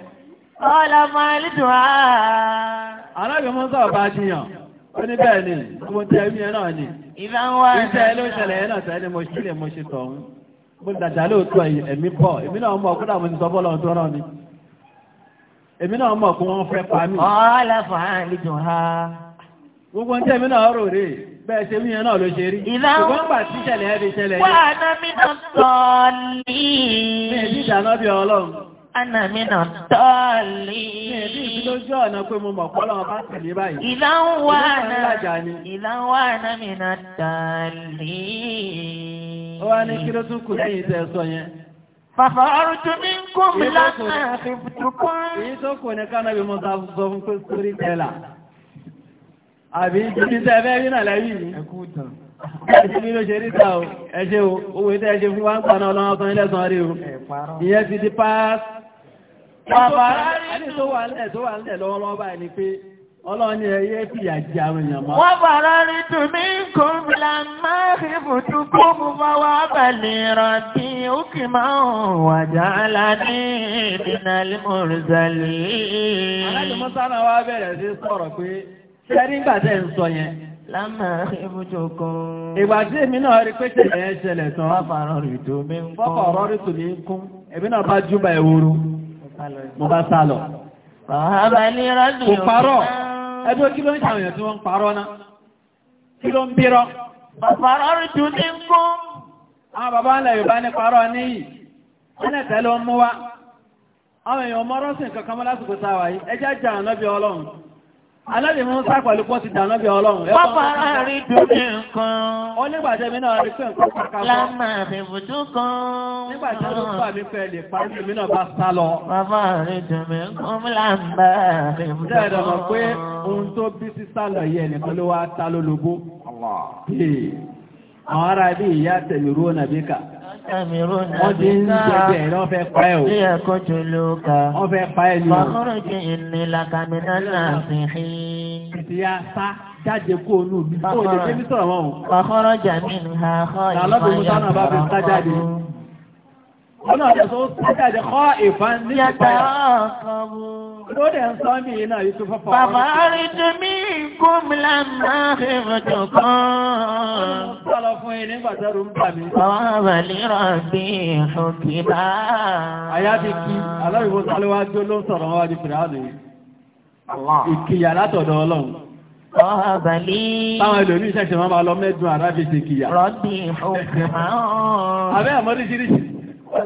Ọlá máa ń dùn á. Arábìnrin Musa ọba jiyàn, ó ní bẹ́ẹ̀ ni, gbogbo tí ẹbí yẹn náà ni. Ìbá ń wá. Iṣẹ́ ló ṣẹlẹ̀ yẹn náà sẹ́ni mo ṣílẹ̀ mo ṣe tọ̀hún. Mo dàjà lóòótọ́ ẹ̀mí pọ̀, èmi náà mọ̀ kódà mo ti sọ bọ́ọ̀lù ọ̀hún tó rán ni. Èmi náà mọ̀ kó wọ́n fẹ́ pa mí. Ọlá máa ń dùn á. Gbogbo ń tẹ̀mí náà rò rè bẹ́ẹ̀ ṣe wíyẹn náà ló ṣe rí. Ṣùgbọ́n gbà tí ìṣẹ̀lẹ̀ ẹ̀ Anàmínà tọ́ọ̀lì. Ní ìdí lójú ọ̀nà pé mo mọ̀ pọ́lọ́ ọba tẹ̀lé báyìí. Ìlànwà ànàmínà tọ́ọ̀lì. Ó wá ní kí ló tún kù ní ìtẹ̀ ẹ̀sọ yẹn. Bàbá ọrùn tó ní kó mi lánàá fi kún. Èyí tó kù ní kánábì mo sá sọ fún pé sórí tẹ́lá. Àbí ibi tẹ́ fẹ́ rí nàlẹ́ yìí ni. Ẹ̀sìn mi ló ṣe ríta o, ẹ ṣe o, owó tẹ́ ẹ ṣe fún wa ń pa náà ọlọ́wọ́ san rí o. Ìyẹn ti di past Bàbá ẹni tó wà nílẹ̀ tó wà nílẹ̀ lọ́wọ́ lọ́wọ́ báyìí ni pé ọlọ́ni ẹyẹ fìyà jẹ àwọn èèyàn mọ́. Wọ́n bàrá rí tùmí kòmìlà máa rí bùtú kó mú bá wá bàlẹ̀ rántí ó kì máa ń wàjà aládé ìdínà límọ̀rùsàlì. Aláàjì Mọ́sá náà wá bẹ̀rẹ̀ sí sọ̀rọ̀ pé ṣẹ́ nígbà tẹ́ ń sọ yẹn. Lámà ìbújọ kan. Ìgbà tí èmi náà rí pé ṣẹlẹ̀ ṣẹlẹ̀ tán. Bàbá rọrì tùmí mo bá sá lọ. kò parọ́ ẹbí kí ló ń ṣàwọn èèyàn tí wọ́n ń parọ́ náà kí ló ń bírọ́. bàbá rẹ̀ tún ní kún. àwọn bàbá ńlẹ̀ Yorùbá ní parọ́ níyì wọ́n náà tẹ́lẹ̀ ń mú wa. àwọn èèyàn mọ́rọ́sìn kankan mọ́ lásìkò sáwà yìí ẹjẹ́ àjà àwọn ọlọ́bí Ọlọ́run. Alábì mú sá pẹ̀lú pọ́ ti dáná bí ọlọ́run. Pápá rí dúdú nǹkan. Ó nígbàjẹ́ mi náà rí pé nǹkan kàkà mọ́. Lámà àbẹ̀bùdú kan. Nígbàjẹ́ ló pà mí pẹ̀ lè parí mi náà bá sá lọ. Pápá rí dúdú nǹkan lámà àbẹ̀bùdú kan. Dẹ́ẹ̀dọ̀ mọ̀ pé ohun tó bí sí sálọ yẹ nìkan ló wá ta lólobó. Àwọn ará ibi ìyá tẹ̀lú rú ọ̀nà bí kà sàmìrò nàbí ká ní ẹ̀kọ́ tó ló ká fàkọ́rọ̀ jẹ́ ìnìlá kàmínà náà fi hí. Jáde kó onú mi. Ó lè dé mi sọ̀rọ̀ wọn o. Fàkọ́rọ̀ jà mí ní Ọlọ́run tó ìfà ní ìfàyà. Yàtọ̀ ọkọ̀ wo. Ó dẹ̀ ń sọ́ ní iná yìí tó fọ́fọ́. Bàbá àrídé mi gómìnà máa fi rọ̀jọ̀ kan. Sọ́lọ fún yín nígbà tó rú ń bà mí. Bàbá àlérà bí òkè bá. Àyá ti kí aláìwò sálíwájú ló ń sọ̀rọ̀ wájú Fìràánù yìí. Ìkìyà látọ̀dọ̀ Ọlọ́run. Ọ̀bàlí. Táwọn ẹlòmí ìṣẹ̀ṣẹ̀ máa máa lọ mẹ́dùn àrábì ti kìyà. Rọ́bì òkè máa. Àbẹ́ àmọ́dé ṣíríṣì. Wọ́n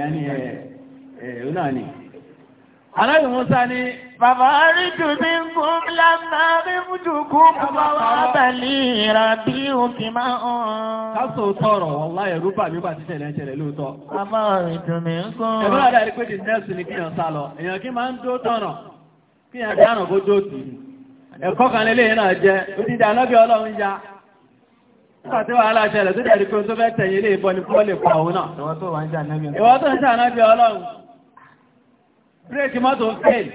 ẹni ẹ̀rọ náà musa ni bàbá àrídùn mi ń wa bàlí ìràbí òkè máa hàn. káṣọ tọrọ wọlá ẹrú ti tẹlẹ tẹlẹ lóòótọ́. bàbá àrídùn mi ń kún. ẹ̀rọ àdáyé pé di nẹ́ẹ̀sì ni kíyàn sá lọ kan Nígbà tí wàhálà ṣẹlẹ̀ tó dẹ̀rí pé tó fẹ́ tẹ̀yìn ilé ìbọn ni bọ́ọ̀lì pa òun náà. Ìwọ́n tó wà ń jà náà bí ọlọ́run. Ìwọ́n tó ń jà náà bí ọlọ́run. Bírèkì mọ́tò ń fèèlì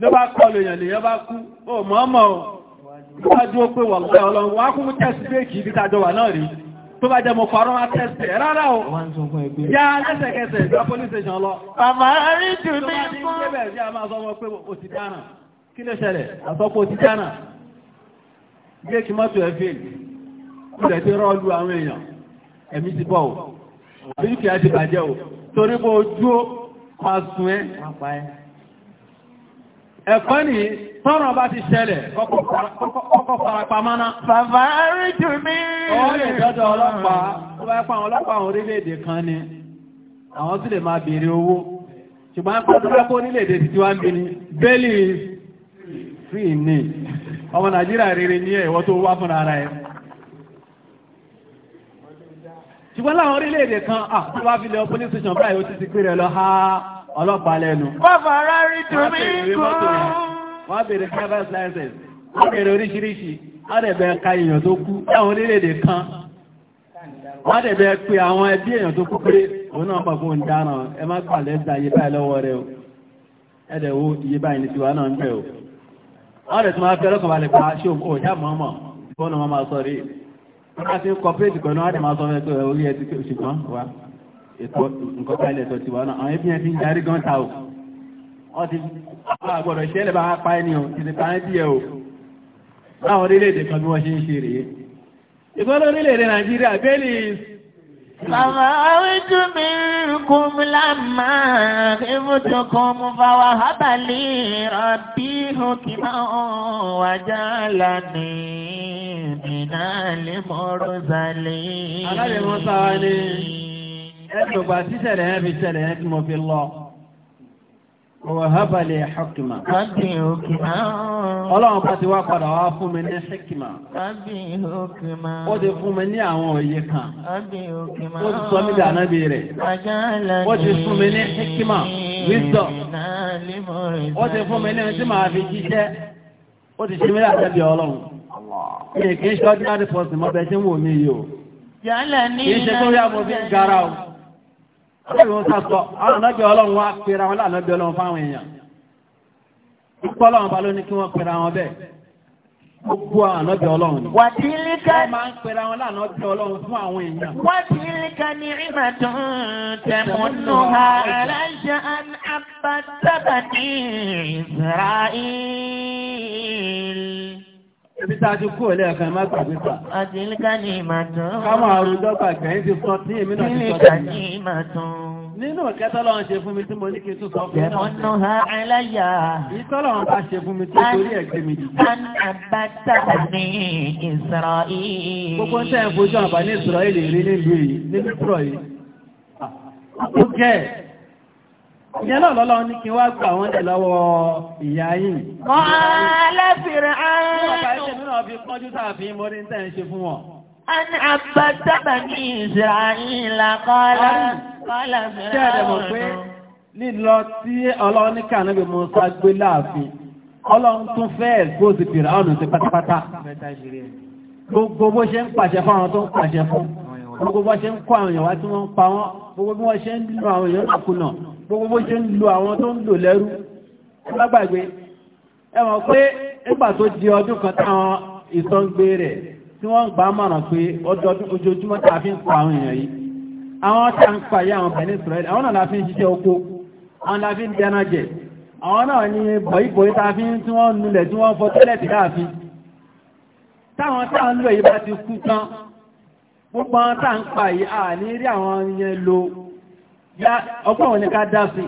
ló bá kọlu èèyàn lèyàn bá kú ó mọ́mọ́ ó bá dúó pé wà lọ́wọ́ ọlọ́run wá kún tẹ́sì bẹ́ẹ̀kì ibi tàjọ wà náà rí tó bá jẹ mọ́ farọ́ wá tẹ́sì rárá o yá lẹ́sẹ̀kẹsẹ̀ ìjọ police station lọ màmá rí jù ní fún kí ló ṣẹlẹ̀ àsọpọ̀ òtítánà bẹ́ẹ̀kì mọ́tò ẹ̀ fèèlì kúrẹ̀ tí rọ́ọ̀lú àwọn èèyàn ẹ̀mí ti bọ́ ò àti bàjẹ́ ò torí bó ojú ó máa ẹ́ ẹ̀kọ́ ni tọ́rọ bá ti ṣẹlẹ̀ kọ́kọ́ farapamọ́ná bàbá rí jù mí àwọn ọlọ́pàá máa béèrè owó ṣùgbọ́n pàtàkì orílẹ̀-èdè ti wá ń bí ni bẹ́ẹ̀lì free ní ọmọ Nàìjíríà rere ní ẹ̀wọ́ tó wá fún ara ẹ̀ ṣùgbọ́n láwọn orílẹ̀-èdè kan àkókò wá fi lọ police station báyìí ó ti ti péré lọ ha ọlọ́pàá lẹ́nu. wọ́n fara rí tòmí kú. wọ́n béèrè driver's license wọ́n béèrè oríṣiríṣi wọ́n dẹ̀ bẹ́ẹ̀ ka èèyàn tó kú láwọn orílẹ̀-èdè kan wọ́n dẹ̀ bẹ́ẹ̀ pe àwọn ẹbí èèyàn tó kú pé òun náà pàpọ̀ ń ẹ má gbà lẹ́sà yé báyìí lọ́wọ́ rẹ o ẹ dẹ̀ náà ń bẹ̀ o wọ́n ti kọ́pẹ́tì pẹ̀lú wọ́n máa sọ fẹ́ orí ẹ ṣùgbọ́n wa nǹkan bá ilẹ̀ tó wà náà àwọn ẹbí ń darí gan ta o wọ́n àgbọ̀dọ̀ ìṣẹ́lẹ̀ bá pa ẹni o ti o láwọn orílẹ̀-èdè kan bí wọ́n ṣe ń ṣe rèé ìgbọ́n lórílẹ̀-èdè Nàìjíríà bẹ́ẹ̀ Bàbá àwíjú mi kún lámà ìbùtò kan mú bá wà hábàlì rọ̀bí òkè máa ń wájà lánìí ìnà lè mọ́rọ̀ zàlẹ̀. Alábẹ̀mọ́ta ni ẹ̀sùn gbà síṣẹ̀lẹ̀ ẹ̀ fi ṣẹlẹ̀ ẹ̀ tí mo fi lọ. Wàhábà lè ṣọ́kìmà. Kábí òkìmá. Ọlọ́run bá ti wá padà wá fún mi ní ṣíkìmà. Kábí òkìmá. Ó ti fún mi ní àwọn òye kan. Kábí òkìmá. Ó ti sọ mí dà nábì rẹ̀. Àjálà ni. Ó ti fún mi ní ṣíkìmà. Wisdom. Ó ti fún mi ní ohun tí màá fi jíṣẹ́. Ó ti ṣe mí láti ọlọ́run. Ìyè kì í ṣe ordinary person mọ́bẹ̀ tí wọ́n mi yìí o. Yálà ní ìlànà. Ọlọ́run sàtọ̀, ọlọ́nàjọ́ ọlọ́run wá pèrà Gbogbo ànájọ́ ọlọ́run Wà tí lè ká. máa ń pèrà wọn lánàjọ́ ọlọ́run fún àwọn èèyàn. Wà tí lè ní ìmọ̀ tó ń tẹ̀mọ́nù ha aláṣà àbátábà ní Ìsìráìlì. Ibi tá a ti kú ilé ẹ̀kan máa gbàgbé pa. Àti ìlíkà ní ìmàtún. Káwọn àrùn dọ́gba gbẹ̀yìn ti sọ tí èmi náà ti sọ sí. Ìlíkà ní ìmàtún. Nínú ìkẹta lọ́wọ́ ṣe fún mi tí mo ní kí n sọ fún mi. Ọ̀nà ha ẹlẹ́yà. Ìtọ́lọ́wọ́ bá ṣe fún mi tí torí ẹ̀gbẹ́ mi dìde. An Ìyẹn náà lọ́lọ́ ní kí wá gbà wọ́n lè lọ́wọ́ ìyá yìí. Wọ́n á lẹ́fìrì ààrùn. Wọ́n bá ń ṣe fún wọn. أن ọlọ́run tún fẹ́ ẹ̀gbóòsì pèrè ọ̀nà sí pátápátá gbogbo bó ṣe ń pàṣẹ fún àwọn tó ń pàṣẹ fún gbogbo bó ṣe ń kó àwọn èèyàn wá tí wọ́n ń pa wọ́n gbogbo bí wọ́n ṣe ń lọ àwọn èèyàn lọ́kùnà gbogbo bó ṣe ń lo àwọn tó ń lò lẹ́rú lágbàgbé ẹwọ̀n pé nígbà tó di ọdún kan táwọn ìsọ́ngbé rẹ̀ tí wọ́n gbà mọ̀ràn pé ọdọọdún ojoojúmọ́ tá a fi ń pa àwọn èèyàn yìí àwọn tá ń pa yá àwọn bẹ̀rẹ̀ Israẹli àwọn náà la fi ń ṣiṣẹ́ oko àwọn la fi ń dẹna jẹ àwọn náà ni bọ̀yìbọ̀yì tá a fi ń tí wọ́n nulẹ̀ tí wọ́n fọ tẹ́lẹ̀tì láàfin táwọn tá ń lò yìí bá ti kú tán gbogbo àwọn tá ń pa yìí à ní rí àwọn yẹn lo ọ̀pọ̀ òní ká dá sí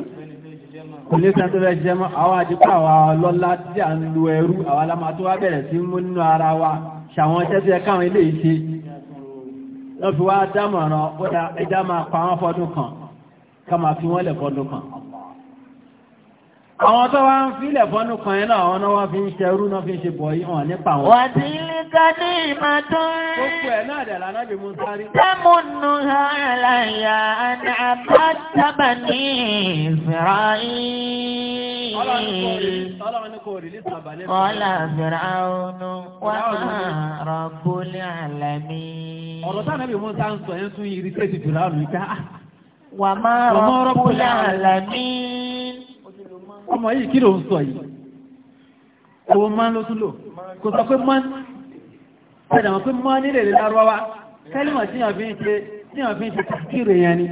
kò ní sẹ́ntọ́ rẹ̀ jẹ́ mọ́ àwọn àjíkọ́ àwọn ọlọ́lá tí a ń lo ẹrú àwọn alámà tó wá bẹ̀rẹ̀ sí mú nínú ara wa ṣàwọn iṣẹ́ káwọn ilé ìṣe lọ́fi wá dámọ̀ràn ẹjá máa pa wọ́n fọ́dún kan ká máa fi wọ́n lẹ̀ fọ́dún kan àwọn tó wá ń fílẹ̀ fọ́nù kan iná àwọn náà wọ́n fi ń ṣe rú náà fi ń ṣe bọ̀ yìí hàn nípa wọn. wàtí líka ní ìmọ̀tún. ní ìfìràyí. ọlọ́run ní kò rí ní sábà ní. ọ̀là ọ̀rọ̀ táwọn ẹbí mo sá ń sọ yẹn tún irisẹ́ ti fìràwọnù yìí ká. wà máa rọ̀gbọ́lẹ̀ àlàmì ọmọ yìí kí ló ń sọ yìí owó máa ń ló tún lò kò sọ pé máa ń padà wọn pé máa nílẹ̀ lè lárọ́wá kẹ́lìmọ̀ tí wọ́n fi ń ṣe tí wọ́n fi ń ṣe kìrì yẹn ni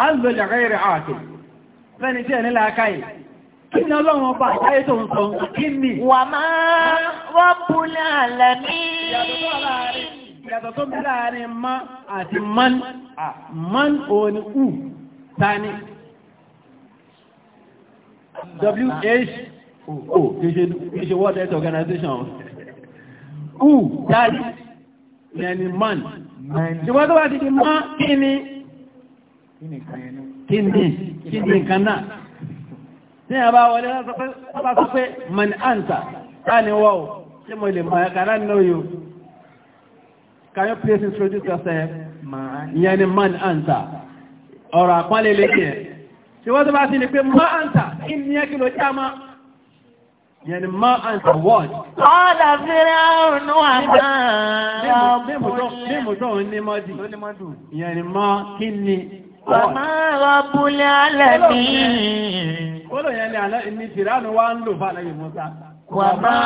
a ń lò lẹ́rẹ́ rẹ̀ ààkì fẹ́ni tí ẹni láàkáyì kí ni ọlọ́run ọba àtàyè tó ń sọ kí ni wà máa rọ́pùlẹ̀ àlẹ́ ní ìyàtọ̀ tó bí láàrin má àti man man òní ù tani WHO kìí ṣe World Health Organization who that ẹni man ṣùgbọ́n tó wá ti di mọ́ kí ni kí ni kí ni nǹkan náà tí a bá wọlé lọ́pàá pé man answer ta ni wọ́ ṣe mo lè mọ̀ ẹ̀kà láti know you can you please introduce yourself yẹni man answer ọ̀rọ̀ àpọ́nlẹ̀ ṣíwọ́n tó bá ti lè pé má à ń tà kí ni ẹ́ kí ló já má yẹni má à ń tà wọ́ọ̀d. ọ̀dà fẹ́rẹ́ ọ̀nù àgbà mímùtọ́ ní mọ́dì yẹni má kí ni. Bàmá rọ̀bùlẹ̀ alẹ́ mi. Kólò yẹn ni àná ìmìtìránù wa ń lò fún àlàyé Mọ́sá. Wàmá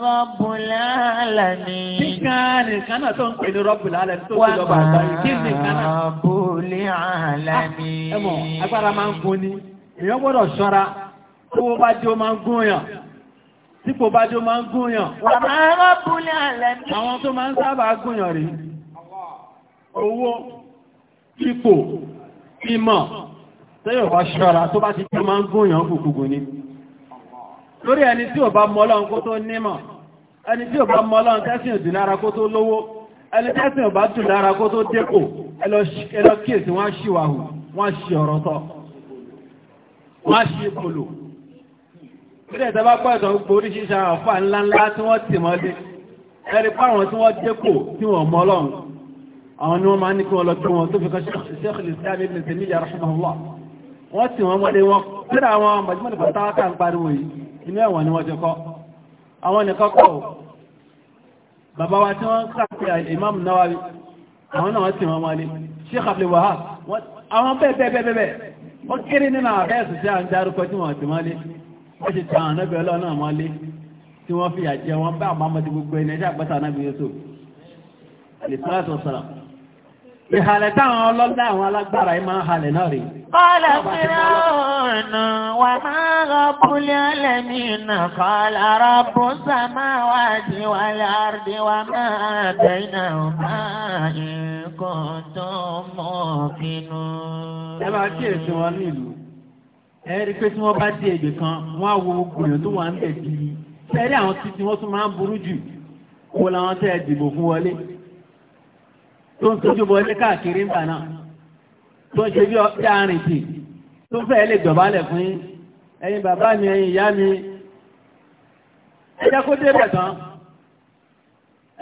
Rabbul Alamin. Kíkan nìkan náà tó ń pè ní Rabbul Alamin tó ti lọ́ba àgbáyé. Kí nìkan náà? Rabbul ah, Alamin. Ẹ mọ̀, agbára máa ń gun ni. Èèyàn gbọ́dọ̀ ṣọ́ra. Owó bá jẹ́ ó máa ń gún yàn. Dípò bá jẹ́ ó máa ń gún yàn. Wàmá Rabbul Alamin. Àwọn tó máa ń sábà gún yàn rí. Owó, ipò, ìmọ̀, tẹ́yọ̀ wá ṣọ́ra tó bá ti jẹ́ ó máa ń gún yàn kùkùkù ni torí ẹni tí ò bá mọ́lọ́n kó tó nímọ̀ ẹni tí ò bá mọ́lọ́n tẹ́sìn òdì lára kó tó lówó ẹni tẹ́sìn ò bá dùn lára kó tó dépò ẹlọ kíèsì wọ́n ṣíwàhù wọ́n ṣí ọ̀rọ̀ tọ́ wọ́n ṣí ìpòlò torí ẹ̀tẹ́ bá pọ̀ ìtàn gbogbo oríṣiríṣi àfà ńláńlá tí wọ́n tì mọ́lé ẹni páwọn tí wọ́n dépò tí wọ́n mọ́lọ́n àwọn ni wọ́n máa ní kí wọ́n lọ kí wọ́n tó fi kan Sheikhul Islam Ibn Taymiyyah rahimahullah wọ́n tì wọ́n mọ́lé wọn tí àwọn mọ̀júmọ́lẹ̀ pàtàkì ń pariwo yìí ilé ẹ̀wọ̀n ni wọ́n ti kọ́ àwọn nìkan kọ́ ò bàbá wa tí wọ́n sàpẹ́ Imam Nawawi àwọn náà wọ́n ti wọ́n wọlé Sheikh Abdul Wahab àwọn bẹ́ẹ̀bẹ́ẹ̀bẹ́ẹ̀ ó kéré nínú àbẹ́ẹ̀sì tí a ń dárúkọ tí wọ́n ti wọlé wọ́n ti tàn án ọlọ́nà wọlé tí wọ́n fi àjẹ wọn bá àmọ́ ọmọdé gbogbo ẹni ẹjẹ́ àgbàtà anábì Yusuf alìsílátọ̀ sọ̀rọ̀ ìhàlẹ̀ táwọn ọlọ́dá àwọn alágbára yìí máa ń halẹ̀ náà rèé قال فرعون وما رب العالمين قال رب السماوات والأرض وما بينهما إن كنتم موقنون ẹ bá kí èso wọn nílùú ẹ rí pé tí wọ́n bá dé èdè kan wọ́n á wo gbìyànjú tó wà ń bẹ̀ sí i sẹ́rí àwọn títí wọ́n tún máa ń burú jù kó làwọn tẹ́ ẹ dìbò fún wọlé tó ń tójú bọlé káàkiri ń bà náà tó ṣe bí ọ̀pẹ́ àrìntì tó fẹ́ lè dọ̀bálẹ̀ fún yín ẹ̀yin bàbá mi ẹ̀yin ìyá mi ẹjẹ́ kó débẹ̀ tán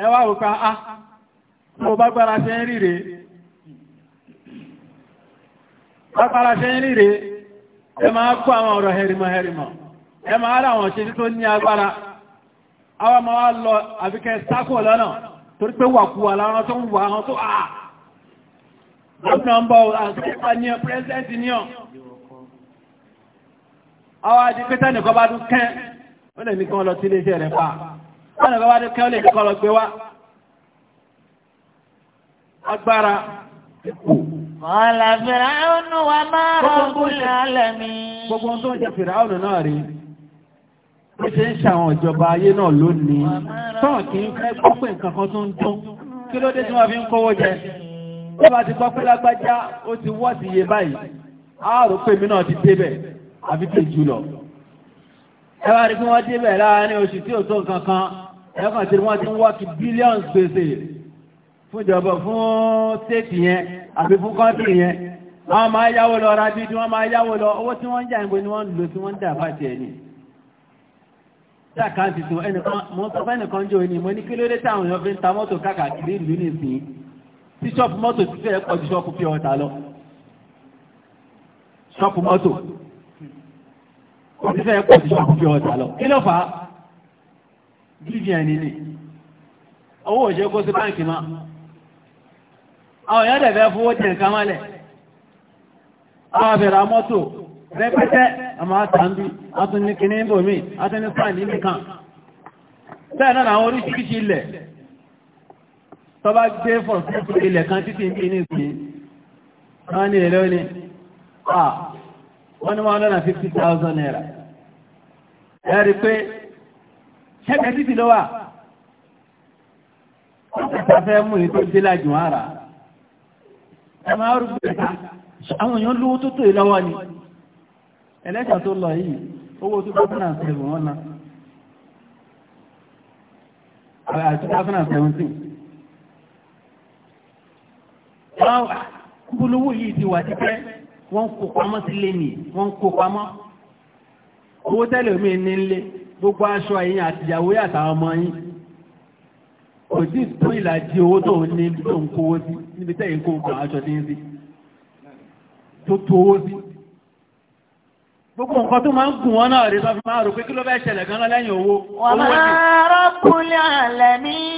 ẹ wá òkà á ah, mo bá gbára ṣe ń ríre pápára ṣe ń ríre ẹ máa kó àwọn ọ̀rọ̀ hẹrìmọ̀ hẹrìmọ̀ ẹ máa rà àwọn ṣe tó ní agbára àwọn máa lọ àbíkẹ́ sákò lọ́nà torí pé wàkúwà láwọn tó ń wà àwọn tó àà ah, Gómìnà ń bọ̀ àṣípa ní pírẹ́sẹ̀ntì ní ọ̀. Àwọn àdípẹ́tẹ́ nìkan bá dún kẹ́ ó lè nìkan lọ sí iléeṣẹ́ rẹ̀ pa. Wọ́n nìkan bá dún kẹ́ ó lè nìkan lọ gbé wá. Agbára ipò. Mọ̀lá Fìràún wà máa rọ̀gùn lálẹ́mí. Gbogbo tó ń jẹ Fìràún náà rí. Ó ṣe ń ṣàwọn ìjọba ayé náà lónìí. Tọ́ọ̀ kì í fẹ́ gbọ́ pé nǹkan kan tó ń dún. Kí ló dé tí wọ́n fi ń kówó jẹ? tó bá ti gbọ́ pé lágbájá ó ti wọ́ sí iye báyìí àárò pé mi náà ti débẹ̀ àbí tó jù lọ. ẹ wá rí bí wọ́n débẹ̀ láàárín oṣù tí ò tó nǹkan kan ẹ̀kan tí wọ́n ti ń wọ́kì bílíọ̀nù gbèsè fún ìjọba fún stéètì yẹn àbí fún kọ́ńtì yẹn wọ́n máa yáwó lọ ra bí wọ́n máa yáwó lọ owó tí wọ́n ń jà ìbò ni wọ́n ń lò tí wọ́n ń dà bàjẹ́ ni ṣáàkáǹtì tí wọ́n ẹnìkan jò ní mo ní kí ló táwọn èèyàn fi ń ta mọ́tò káàkiri ìlú nìsín tí ṣọ́ọ̀pù mọ́tò ti fẹ́ pọ̀ ju ṣọ́ọ̀pù pure water lọ ṣọ́ọ̀pù mọ́tò ti fẹ́ pọ̀ ju ṣọ́ọ̀pù pure water lọ kí ló fà á bvn ni owó òṣèlú kó sí báńkì máa àwọn èèyàn dẹ̀ fẹ́ fowó jẹ nǹkan mọ́lẹ̀ àwọn àbẹ̀rẹ̀ mọ́tò rẹpẹtẹ àmà àtàndì àtúnni kìnnìbòmí àtúnni sáà nìkan bẹ́ẹ̀ náà àwọn oríṣiríṣi ilẹ̀ tó bá gbé fọ̀n sí ilẹ̀ kan títí ní inú ìpín wọ́n ní èlé ní à wọ́n ní wọ́n lọ́nà 50,000 naira ẹ̀rí pé ṣẹ́gbẹ̀ títí ló wà ọ̀pẹ̀fẹ́ mú ní tó dé lájú ara ẹ máa rúgbò ẹ̀ta àwọn èèyàn lówó tó tó ìlọ́wọ́ ni ẹlẹ́ṣà tó lọ yìí owó tó gómìnà sẹ́gun wọn náà 2017 kúkúlówó yìí ti wà tipẹ́ wọ́n kó pamọ́ sílé nì wọ́n kó pamọ́ owó tẹ́lẹ̀ omi ní nílé gbogbo aṣọ ẹ̀yìn àtìyàwó yàtàwọn ọmọ yín kò sí tó ìlàjì owó tó ń ní tó ń kówó sí níbi tẹ́yìn kó nǹkan aṣọ tí ń sí tó tó owó sí gbogbo nǹkan tó máa ń gùn wọn náà rí sọ fi máa rò pé kí ló fẹ́ ṣẹlẹ̀ gan-an lẹ́yìn owó. wàá rọ́pùlẹ̀ àlẹ́ mi.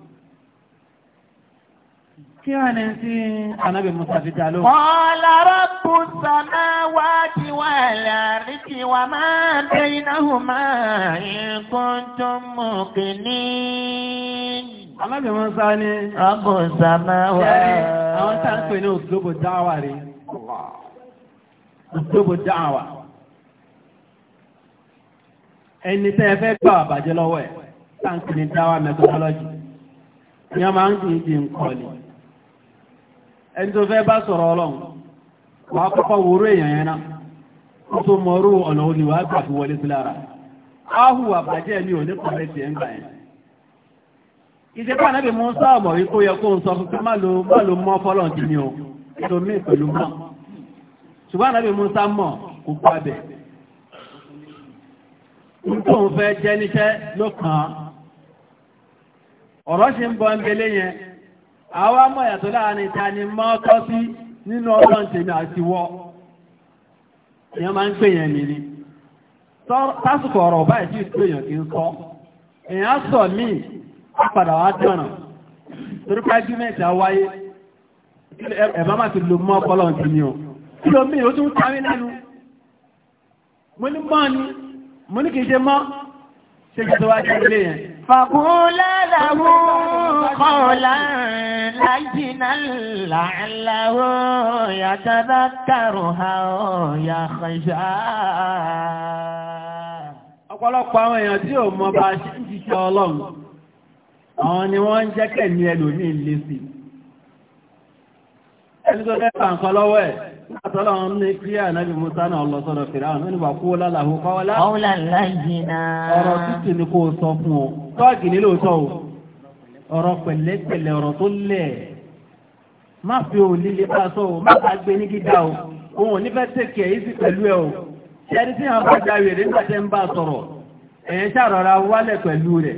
Kí wá ní sí ànábì Musa fi dá lóhùn? Qala rabbu samawati wal ardi wa ma bainahuma in kuntum muqinin. Ànábì Musa ní. Rabbu samawati. Àwọn tá à ń pè ní òṣùlóbò dáwà rí. Òṣùlóbò dáwà. Ẹni tẹ́ ẹ fẹ́ gbà àbàjẹ́ lọ́wọ́ ẹ̀. Tá à ń pè ní dáwà methodology. Ìyá máa ń dìídì ń kọ́ni ẹni tó fẹ́ bá sọ̀rọ̀ ọlọ́run wà kọ́kọ́ wòrò èèyàn yẹn náà ó tó mọ̀rú ọ̀nà òní wà gbà fi wọlé sí lára áhù àbàjẹ́ ní òní pàdé tiẹ̀ ń gbà yẹn ìjẹ́pà náà bí mo ń sáàmọ̀ fẹ́ jẹ́ níṣẹ́ ló kàn án ọ̀rọ̀ ṣe ń bọ́ ń belé yẹn àwa mọ̀ yàtọ̀ láàrin ta ni mọ́ tọ́ sí nínú ọlọ́run tèmi àti wọ́ èèyàn máa ń pè yẹn mi ni tásìkò ọ̀rọ̀ báyìí tí ìtú èèyàn kì ń sọ èèyàn sọ míì á padà wá tọ̀nà torí pàgímẹ̀tì àwáyé ẹ̀bá má ti lo mọ́ ọlọ́run tèmi o kí ló míì ó tún ta mí lẹ́nu mo ní mọ́ ni mo ní kì í ṣe mọ́ ṣe jẹ́ tó wá jẹ́ ilé yẹn فقولا له قولا لينا لعله يتذكر أو يخشى ọ̀pọ̀lọpọ̀ àwọn èèyàn tí ò mọ bá ṣe ń ṣiṣẹ́ ọlọ́run àwọn ni wọ́n ń jẹ́kẹ̀ ní ẹlòmí ìlésì ẹni tó fẹ́ fà nǹkan lọ́wọ́ ẹ̀ Àtọ́lọ́run ní kí ànábì Musa náà lọ sọ́dọ̀ Fìràún nínú wà kó lálàhù kọ́wọ́lá. Ọ̀wọ́lá láyìnà. Ọ̀rọ̀ tútù ni kò sọ fún ọ. Tọ́ọ̀gì ní lóòótọ́ o. Ọ̀rọ̀ pẹ̀lẹ́pẹ̀lẹ́ ọ̀rọ̀ tó lẹ̀. Má fi òun líle bá sọ o, má bá gbé ní gíga o. Òun ò ní fẹ́ tẹ̀kẹ̀ yìí sí pẹ̀lú ẹ o. Ṣé ẹni tí àwọn bá gbà nígbà tẹ́ ń bá sọ̀rọ̀? Ẹ̀yẹn ṣàrọ̀ra wálẹ̀ pẹ̀lú rẹ̀.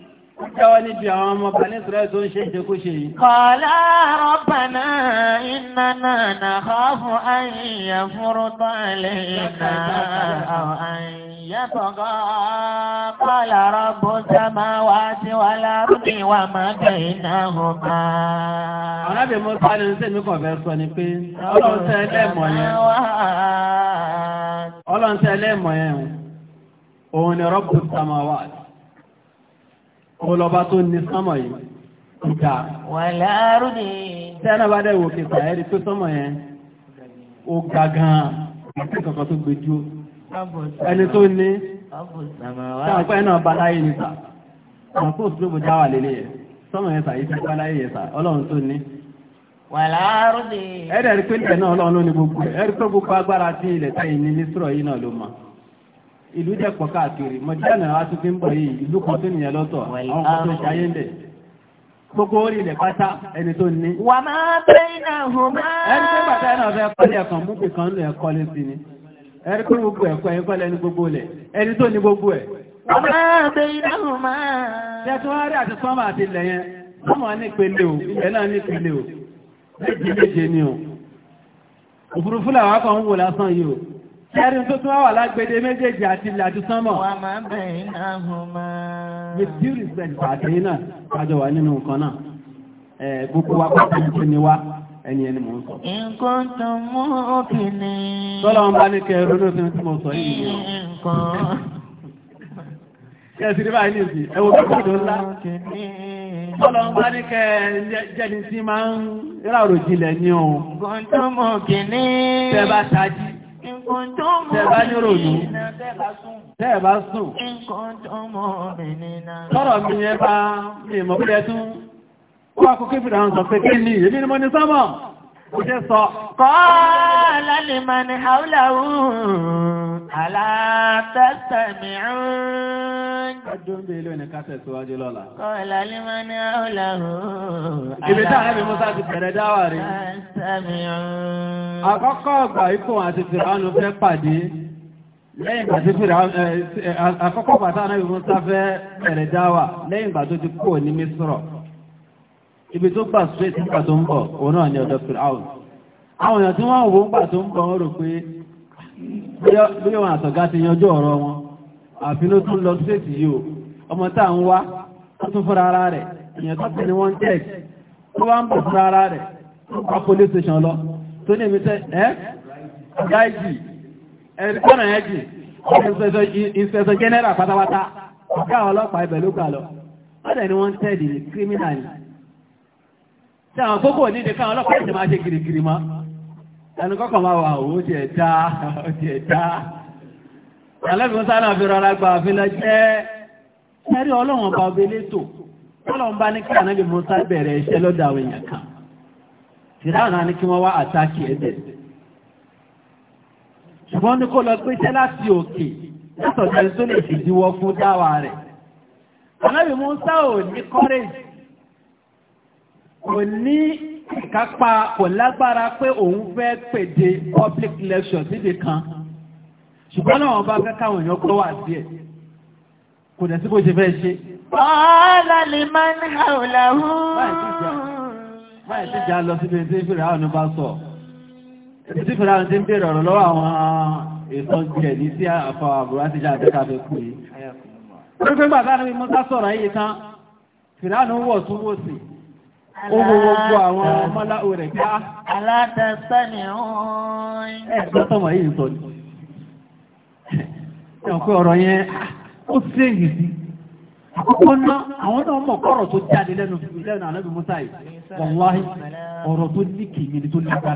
Ó jáwọ́ níbi àwọn ọmọ Bani Israel tó ń ṣe ìṣekúṣe yìí. Qala rabbana innana nakhafu an yafruta alayna aw an yatgha. Qala rabbu samawati wal ardi wa ma baynahuma. Ọ̀rẹ́bì mo sọ ní ọlọ́ba tó ní sánmọ̀ yìí ìjà wà láàrúdì tẹ́nà bá dẹ̀ wò kìtà ẹ̀rí tó sánmọ̀ yẹn ó ga gan àti kankan tó gbẹjú ẹni tó ní sáàpẹ́ náà baláyé ní sà àpò òṣèlú já wà lélẹ̀ yẹ sánmọ̀ yẹn sà yìí fẹ́ baláyé yẹ sà ọlọ́run tó ní. wà láàrúdì ẹ̀rẹ̀ rí pé ilẹ̀ náà ọlọ́run ló ní gbogbo ẹ̀rí pé gbogbo agbára tí ilẹ̀ tẹ́yìn ní ní sùrọ̀ yìí náà ló mọ̀ ìlú jẹ́ pọ̀ káàkiri mọ̀díjánà wá tún fi ń bọ̀ yìí ìlú kan tó nìyẹn lọ́tọ̀ àwọn kan tó ṣayé ń bẹ̀ gbogbo orí ilẹ̀ pátá ẹni tó ní. wà máa bẹ́ẹ̀ náà hùn máa. ẹni tó bàtà ẹ̀ náà fẹ́ kọ́lé ẹ̀kan mú pé kan lè kọ́lé sí ni ẹni tó gbogbo ẹ̀kọ́ ẹ̀yìn kọ́lé ẹni gbogbo lẹ̀ ẹni tó ní gbogbo ẹ̀. wà máa bẹ́ẹ̀ náà hùn máa. ni o òfurufú làwọn akọ̀ ń Ẹrin tó tún wà lágbèdè méjèèjì àti ilẹ̀ àti sánmọ̀. Wà máa bẹ̀rẹ̀ náà hùn máa. With due respect pàtàkì náà, kájọ wà nínú nǹkan náà. Gbogbo wa pàtàkì nítorí ni wá ẹni ẹni mò ń sọ. Nǹkan tó mú òkè ni. Tọ́lá wọn bá ní kẹ ronú òfin tí mo sọ yìí ni. Nǹkan. Kẹ̀sì rí báyìí nìyí, ẹ wo kókó tó ńlá. Tọ́lá wọn bá ní kẹ jẹ́ni tí máa ń rà òròjìnlẹ̀ ni Nǹkan tó mú òkè ni. Tẹ́ bá tají. Nǹkan tó mọ̀ mí nínú tẹ́ẹ̀bá sùn. Tẹ́ẹ̀bá sùn. mi yẹ bá mi mọ̀ pé tún. Ó wà kó ń sọ pé kí ni èmi ni mo sọ́mọ̀ kò jẹ́ sọ. Qala liman hawlahu ala tastami'un. Ọjọ́ ń bẹ ilé ẹni kásẹ̀ síwájú lọ́la. Qala liman hawlahu ala Ibi tí àrẹ́bí Musa ti bẹ̀rẹ̀ dáwà rí. Tastami'un. Àkọ́kọ́ ọgbà ikú àti Fìránù fẹ́ pàdé. Lẹ́yìn ìgbà tó ti kúrò ní Mísírọ̀ ibi tó gbà straight nígbà tó ń bọ̀ òun náà ni ọ̀dọ̀ firaun àwọn èèyàn tí wọ́n wò ń gbà tó ń bọ̀ wọ́n rò pé bí wọn àtọ̀gá ti yanjú ọ̀rọ̀ wọn àfi ló tún lọ straight yìí o ọmọ tá à ń wá ó tún fúnra ara rẹ̀ èèyàn tó tẹ̀ ní wọ́n tẹ̀k tó bá ń bọ̀ fúnra ara rẹ̀ wá police station lọ tó ní èmi tẹ́ ẹ́ ọ̀gá ìjì ẹ̀rọ̀nà ẹ̀jì ìṣẹ̀ṣọ̀ general pátápátá ọ̀gá ọlọ́pàá ibẹ̀ ló gbà lọ wọ́n tẹ̀ ní wọ́n tẹ̀lé criminal tí àwọn kókò nídé káwọn ọlọ́pàá ìjọ máa ṣe gìrìgìrì mọ́ ẹnu kọ́kọ̀ máa wà ó ti ẹ̀dá ó ti ẹ̀dá alẹ́bìnrin sáré àfi rọra gba àfilẹ̀ jẹ́ ẹ̀rí ọlọ́run ọba ọba elétò ọlọ́run bá ní kí ànábì musa bẹ̀rẹ̀ iṣẹ́ lọ́dọ̀ àwọn èèyàn kan fìdáhùn náà ní kí wọ́n wá àtàkì ẹ̀dẹ̀ ṣùgbọ́n ní kó lọ pé iṣẹ́ láti òkè látọ̀jọ́ tó lè ṣèdíwọ́ fún dáwà rẹ̀ ànábì musa ò ní kọ́rẹ́jì kò ní ìkápá kò lágbára pé òun fẹ́ pèdè public lecture síbi kan ṣùgbọ́n náà wọ́n bá fẹ́ káwọn èèyàn gbọ́ wà díẹ̀ kò dẹ̀ sí bó ṣe fẹ́ ṣe. ọ̀ọ́lá lè máa ń ha òlàwú. báyìí ti jà lọ síbi tí fìrà àwọn bá sọ ibi tí fìrà àwọn ti ń bèèrè ọ̀rọ̀ lọ́wọ́ àwọn èso jẹ̀ ní sí àfọ àbúrò àti ìjà àjẹká fẹ́ kú yìí. pé pé gbàgbá ni mo sá sọ̀rọ̀ ayé tán fìrà àwọn wọ̀ tún wò sí i. ó wo gbogbo àwọn ọmọláwò rẹ̀ pé á. alátẹ̀sẹ́ni ọ̀hún. ẹ gbọ́dọ̀ mọ̀ yìí sọ ni. ẹ ọ̀pẹ ọ̀rọ̀ yẹn ó sí èyí sí. àkọ́kọ́ ná àwọn náà mọ̀ kọ́rọ̀ tó jáde lẹ́nu lẹ́nu musa yìí ọ̀rọ̀ tó ní kìíní ni tó ni ṣùgbọ́n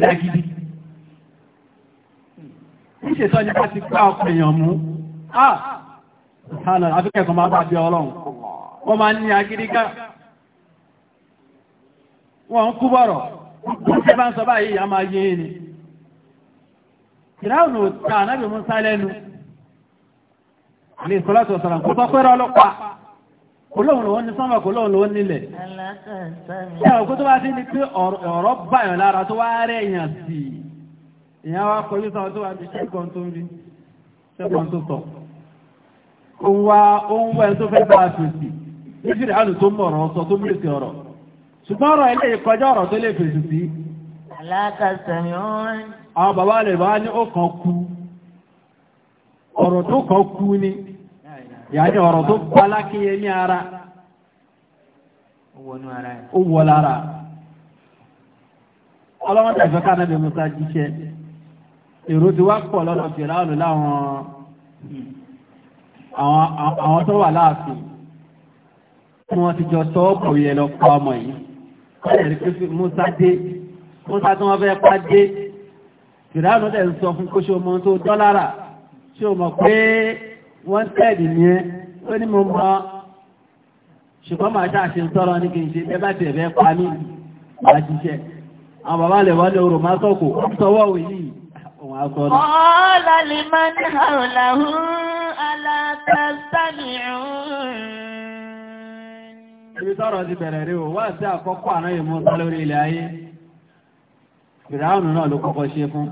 lágídí. sọ ti mú. Ah! àfikẹ́kọ̀ọ́ máa bá bí ọlọ́run wọ́n máa wọ́n kú bọ̀rọ̀ ṣe bá ń sọ báyìí a máa yé ni ìráùnù ta anábì Musa lẹ́nu ní ìsọ́lá tó sọ̀rọ̀ kó sọ pé rọ́lọ́pàá kò lóhùn lòun ní sánmà kò lóhùn lòun nílẹ̀ ṣe àwọn kó tó wá sí ni pé ọ̀rọ̀ báyọ̀ lára tó wá rẹ̀ èèyàn sí èèyàn wá kọjú sáwọn tó wá di ṣẹ́gun tó ń rí ṣẹ́gun tó sọ ó ń wá ó ń wá ẹni tó fẹ́ bá a fèsì ní fìdí àlù tó mọ̀ ọ̀rọ̀ sọ tó mú ṣùgbọ́n ọ̀rọ̀ ilé ìkọjá ọ̀rọ̀ tó lè fèsì sí. alákàtàmí ọ̀rìn. àwọn bàbá rẹ̀ bá ní ó kàn kú ọ̀rọ̀ tó kàn kú ni tó ní ara ó wọ lára ọlọ́wọ́n tẹ̀fẹ́ kánàbẹ̀ musa jíṣẹ́ èrò ti wá pọ̀ lọ́nà láwọn àwọn tó wà láàfin wọ́n ti jọ lọ pa ọmọ yìí ọ̀rẹ́ rí pé Musa dé Musa tó wọ́n fẹ́ pa dé fìdáhùn tẹ̀ ń sọ fún kó ṣe ọmọ tó dọ́lára ṣe ọmọ pé wọ́n tẹ́ẹ̀dì ní ẹ́ ó ní mo mọ́ ṣùgbọ́n máa ṣe ń tọ́rọ ní kí ṣe ẹ bá tẹ̀ fẹ́ pa mí máa ṣiṣẹ́ àwọn bàbá lè wọlé orò máa sọ́kò ó sọwọ́ òun á sọ ọ́ ibi tọ́rọ̀ ti bẹ̀rẹ̀ rí o wá sí àkọ́kọ́ àná ìmúta lórí ilẹ̀ ayé ìdáhùn náà ló kọ́kọ́ ṣe fún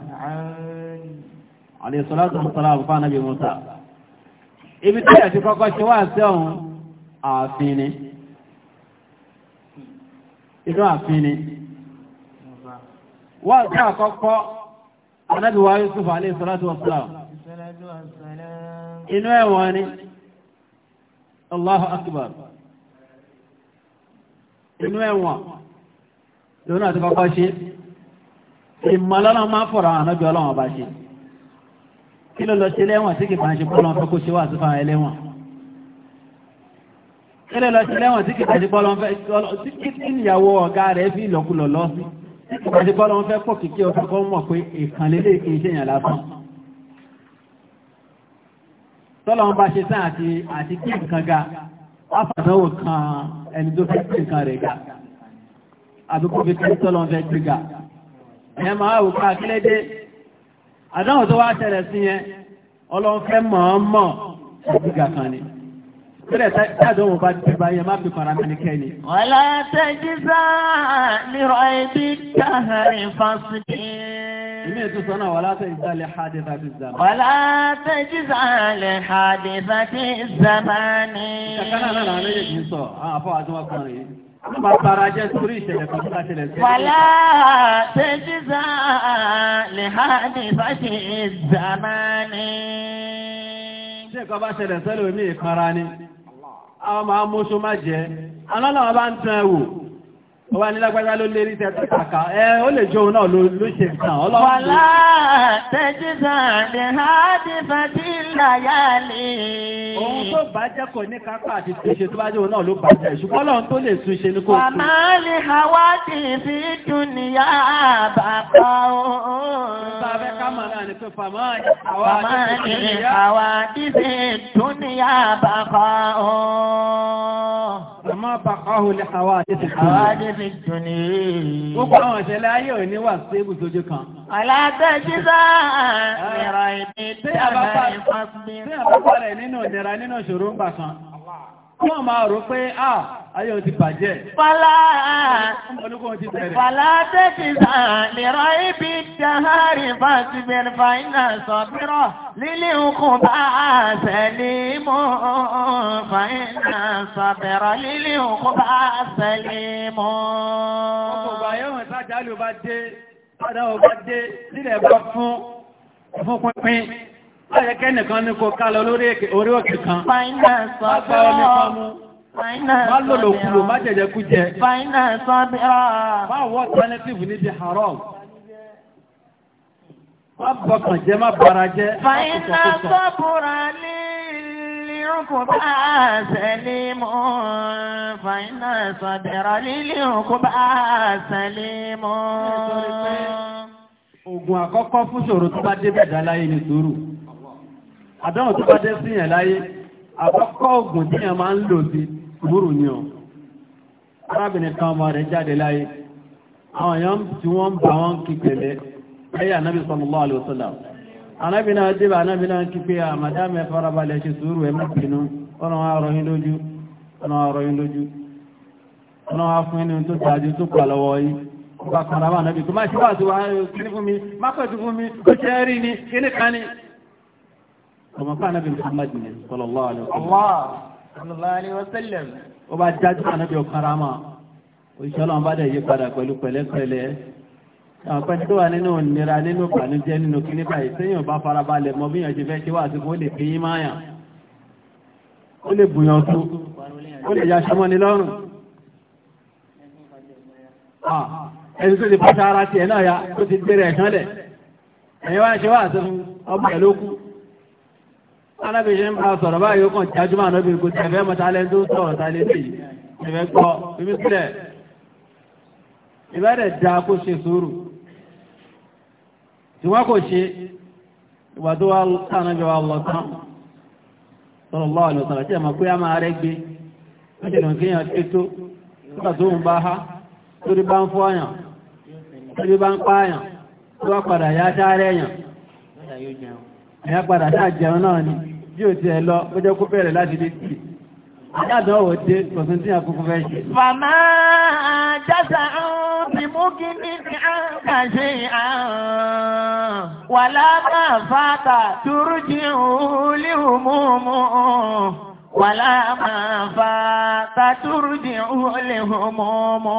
àlèsọ́látọ̀ mọ́sọ́lá àbúfà náà bí mọ́ta ibi tí ẹ̀ ti kọ́kọ́ ṣe wá sí ọ̀hún ààfin ni inú ààfin ni wá sí àkọ́kọ́ Yusuf àlèsọ́látọ̀ mọ́sọ́lá inú ẹ̀wọ̀n ni Allahu akbar inú ẹ̀wọ̀n lónà àti kọ́kọ́ ṣe ìmọ̀lọ́lọ́ máa fọ̀rọ̀ àwọn ànábì ọlọ́wọ̀n bá ṣe kí ló lọ ṣe lẹ́wọ̀n tí kì bá ń ṣe pọ́lọ́n fẹ́ kó ṣe wà sí fáwọn ẹlẹ́wọ̀n kí ló lọ ṣe lẹ́wọ̀n tí kì bá ṣe pọ́lọ́n fẹ́ kí níyàwó ọ̀gá rẹ̀ fi ìlọ́kulọ̀ lọ sí kí sáà àti kí nǹkan ga áfàdánwò kan ẹni tó fẹ́ pè kan rẹ̀ ga àbíkú fi kí tọ́lọ́ fẹ́ gbé ga ẹ̀ máa wò ká kílẹ́dé àdáhùn tó wá tẹ̀lẹ̀ sí yẹn ọlọ́fẹ́ mọ̀ọ́mọ̀ ìgbéga kan ni Tẹ́lẹ̀ tájọ́ wọn bá ti bá yẹ má fi fara mi ní kẹ́ni. Wọ́lá tẹ́jísà nírọ̀ ibi káhàrin fásitì. Ilé ètò sọ́nà wà látẹ̀ ìzàlẹ̀ haditha ti zàmà. Wà látẹ̀ ìzàlẹ̀ haditha ti zàmà ni. Ìṣàkánná náà làwọn méjèèjì ń sọ, àwọn àfọwà tí wọ́n kọrin yìí. Wọ́n máa bára jẹ́ sórí ìṣẹ̀lẹ̀ kan fún àṣẹlẹ̀ sí. Wà látẹ̀ ìzàlẹ̀ haditha ti zàmà ni. Ṣé nǹkan bá ṣẹlẹ̀ sẹ́lẹ̀ omi ìkanra ni? Àwọn máa mú Ọwá ní lágbàjá ló lérí tẹ́ tó kàkà, ẹ ó lè jọ náà ló ṣe nǹkan ọlọ́run. Wà látẹ́jísà lè ha ti fàtí láyá lè. Ohun tó bá jẹ́ kò ní kápá àti túnṣe tó bá jẹ́ náà ló bàjẹ́, ṣùgbọ́n lọ́run tó lè túnṣe ní kò tún. Wà máa lè hawá ti fi dúnìyà bàbá òun. Bá Àmọ́ bàbá òun lè hawá ti fi dúnìyà fi dùnì. Gbogbo àwọn ìṣẹ̀lẹ̀ ayé ò ní wà stable sójú kan. Àlàtẹ̀jísà ìrọ̀ ìdí tí a bá fà nínú ìdẹ̀ra nínú ìṣòro ń gbà kan wọ́n máa rò pé à ayé ti bàjẹ́. Fàlá Fàlá tẹ́kì sàmìrọ̀ ibi jahari fásibẹ̀rì fàínà sọ̀bírọ̀ lílé okùn bá sẹ̀límọ̀ fàínà sọ̀bírọ̀ lílé okùn bá sẹ̀límọ̀. Ọkùnbà yóò sájálù bá dé, padà ọba bá fún Láyẹ̀kẹ́ nìkan ní kò kálọ lórí òkè kan. Fáínà sọ́bọ̀. Má lòlò kúrò, má jẹjẹ kú jẹ. Fáínà sọ́bírà. Má wọ́ tẹ́lẹ́tìfù níbi haram. Má bọkàn jẹ, má bara jẹ. Fáínà sọ́bùrà ní lílùkùbá sẹ́límù. Fáínà sọ́bírà lílùkùbá sẹ́límù. Ògùn àkọ́kọ́ fún ṣòro tó bá débẹ̀ dá láyé ní sùúrù àdánwò tó bá jẹ́ sí yẹn láyé àkọ́kọ́ oògùn tí yẹn máa ń lò sí gbúrù ni ọ arábìnrin kan ọmọ rẹ̀ jáde láyé àwọn èèyàn tí wọ́n ń bá wọn kí pẹ̀lẹ́ ẹ̀yà anábì sallallahu alaihi wasallam anábì náà débà anábì náà kí pé àmàdáàmì farabalẹ̀ ṣe sùúrù ẹ̀ má pinnu ọ̀nà àrọ̀yìn lójú ọ̀nà àrọ̀yìn lójú ọ̀nà àfúnni tó dájú tó pà lọ́wọ́ yìí ọba kan lábà anábì tó má ṣe ni kí ní ọmọ fún anabi muhammad ni sallallahu alaihi wa sallam. allah sallallahu alaihi wa sallam. ó bá dájú anabi ọ̀karama òṣìṣẹ́ ọlọ́run bá dẹ̀ yí padà pẹ̀lú pẹ̀lẹ́pẹ̀lẹ́ àwọn pẹ́ni tó wà nínú ìnira nínú ìbànújẹ́ nínú kíní báyìí sẹ́yìn bá farabalẹ̀ mọ bí yàn ti fẹ́ kí wà sí fún ó lè fi yín máa yàn ó lè bùyàn tó ó lè ya ní lọ́rùn ẹni tó ti pàṣẹ ara tiẹ̀ náà ya tó ti gbére ẹ̀kan lẹ̀ ẹ̀yin wá ṣe wà sí fún ọmọ ẹ̀ lókùn alábìyẹ ń bá a sọ̀rọ̀ báyìí ó kàn jájúmọ́ àná bíi gbogbo ẹ̀fẹ́ mọ́tálẹ́ tó sọ̀rọ̀ tálẹ́ sí ẹ̀fẹ́ gbọ́ bíbí sílẹ̀ da kó ṣe sùúrù tí wọ́n kò ṣe ìwà tó wá sànà jọ lọ tán sọ̀rọ̀ lọ́wọ́ àlọ́ sọ̀rọ̀ tí ẹ̀ máa pé a máa rẹ́ gbé wọ́n ṣe lọ́n kéèyàn ké tó nígbà tó ń bá há bá ń fọ́ bí o ti ẹ̀ lọ ó jẹ́ kó bẹ̀rẹ̀ láti lé sí àjádọ́ ò dé pọ̀sùn tí àkókò fẹ́ ṣe. fàmà àjásà ti mú kí ní ti àǹkà ṣe fàtà túrú jí òlíhù mú mú wà fàtà túrú jí òlíhù mú mú.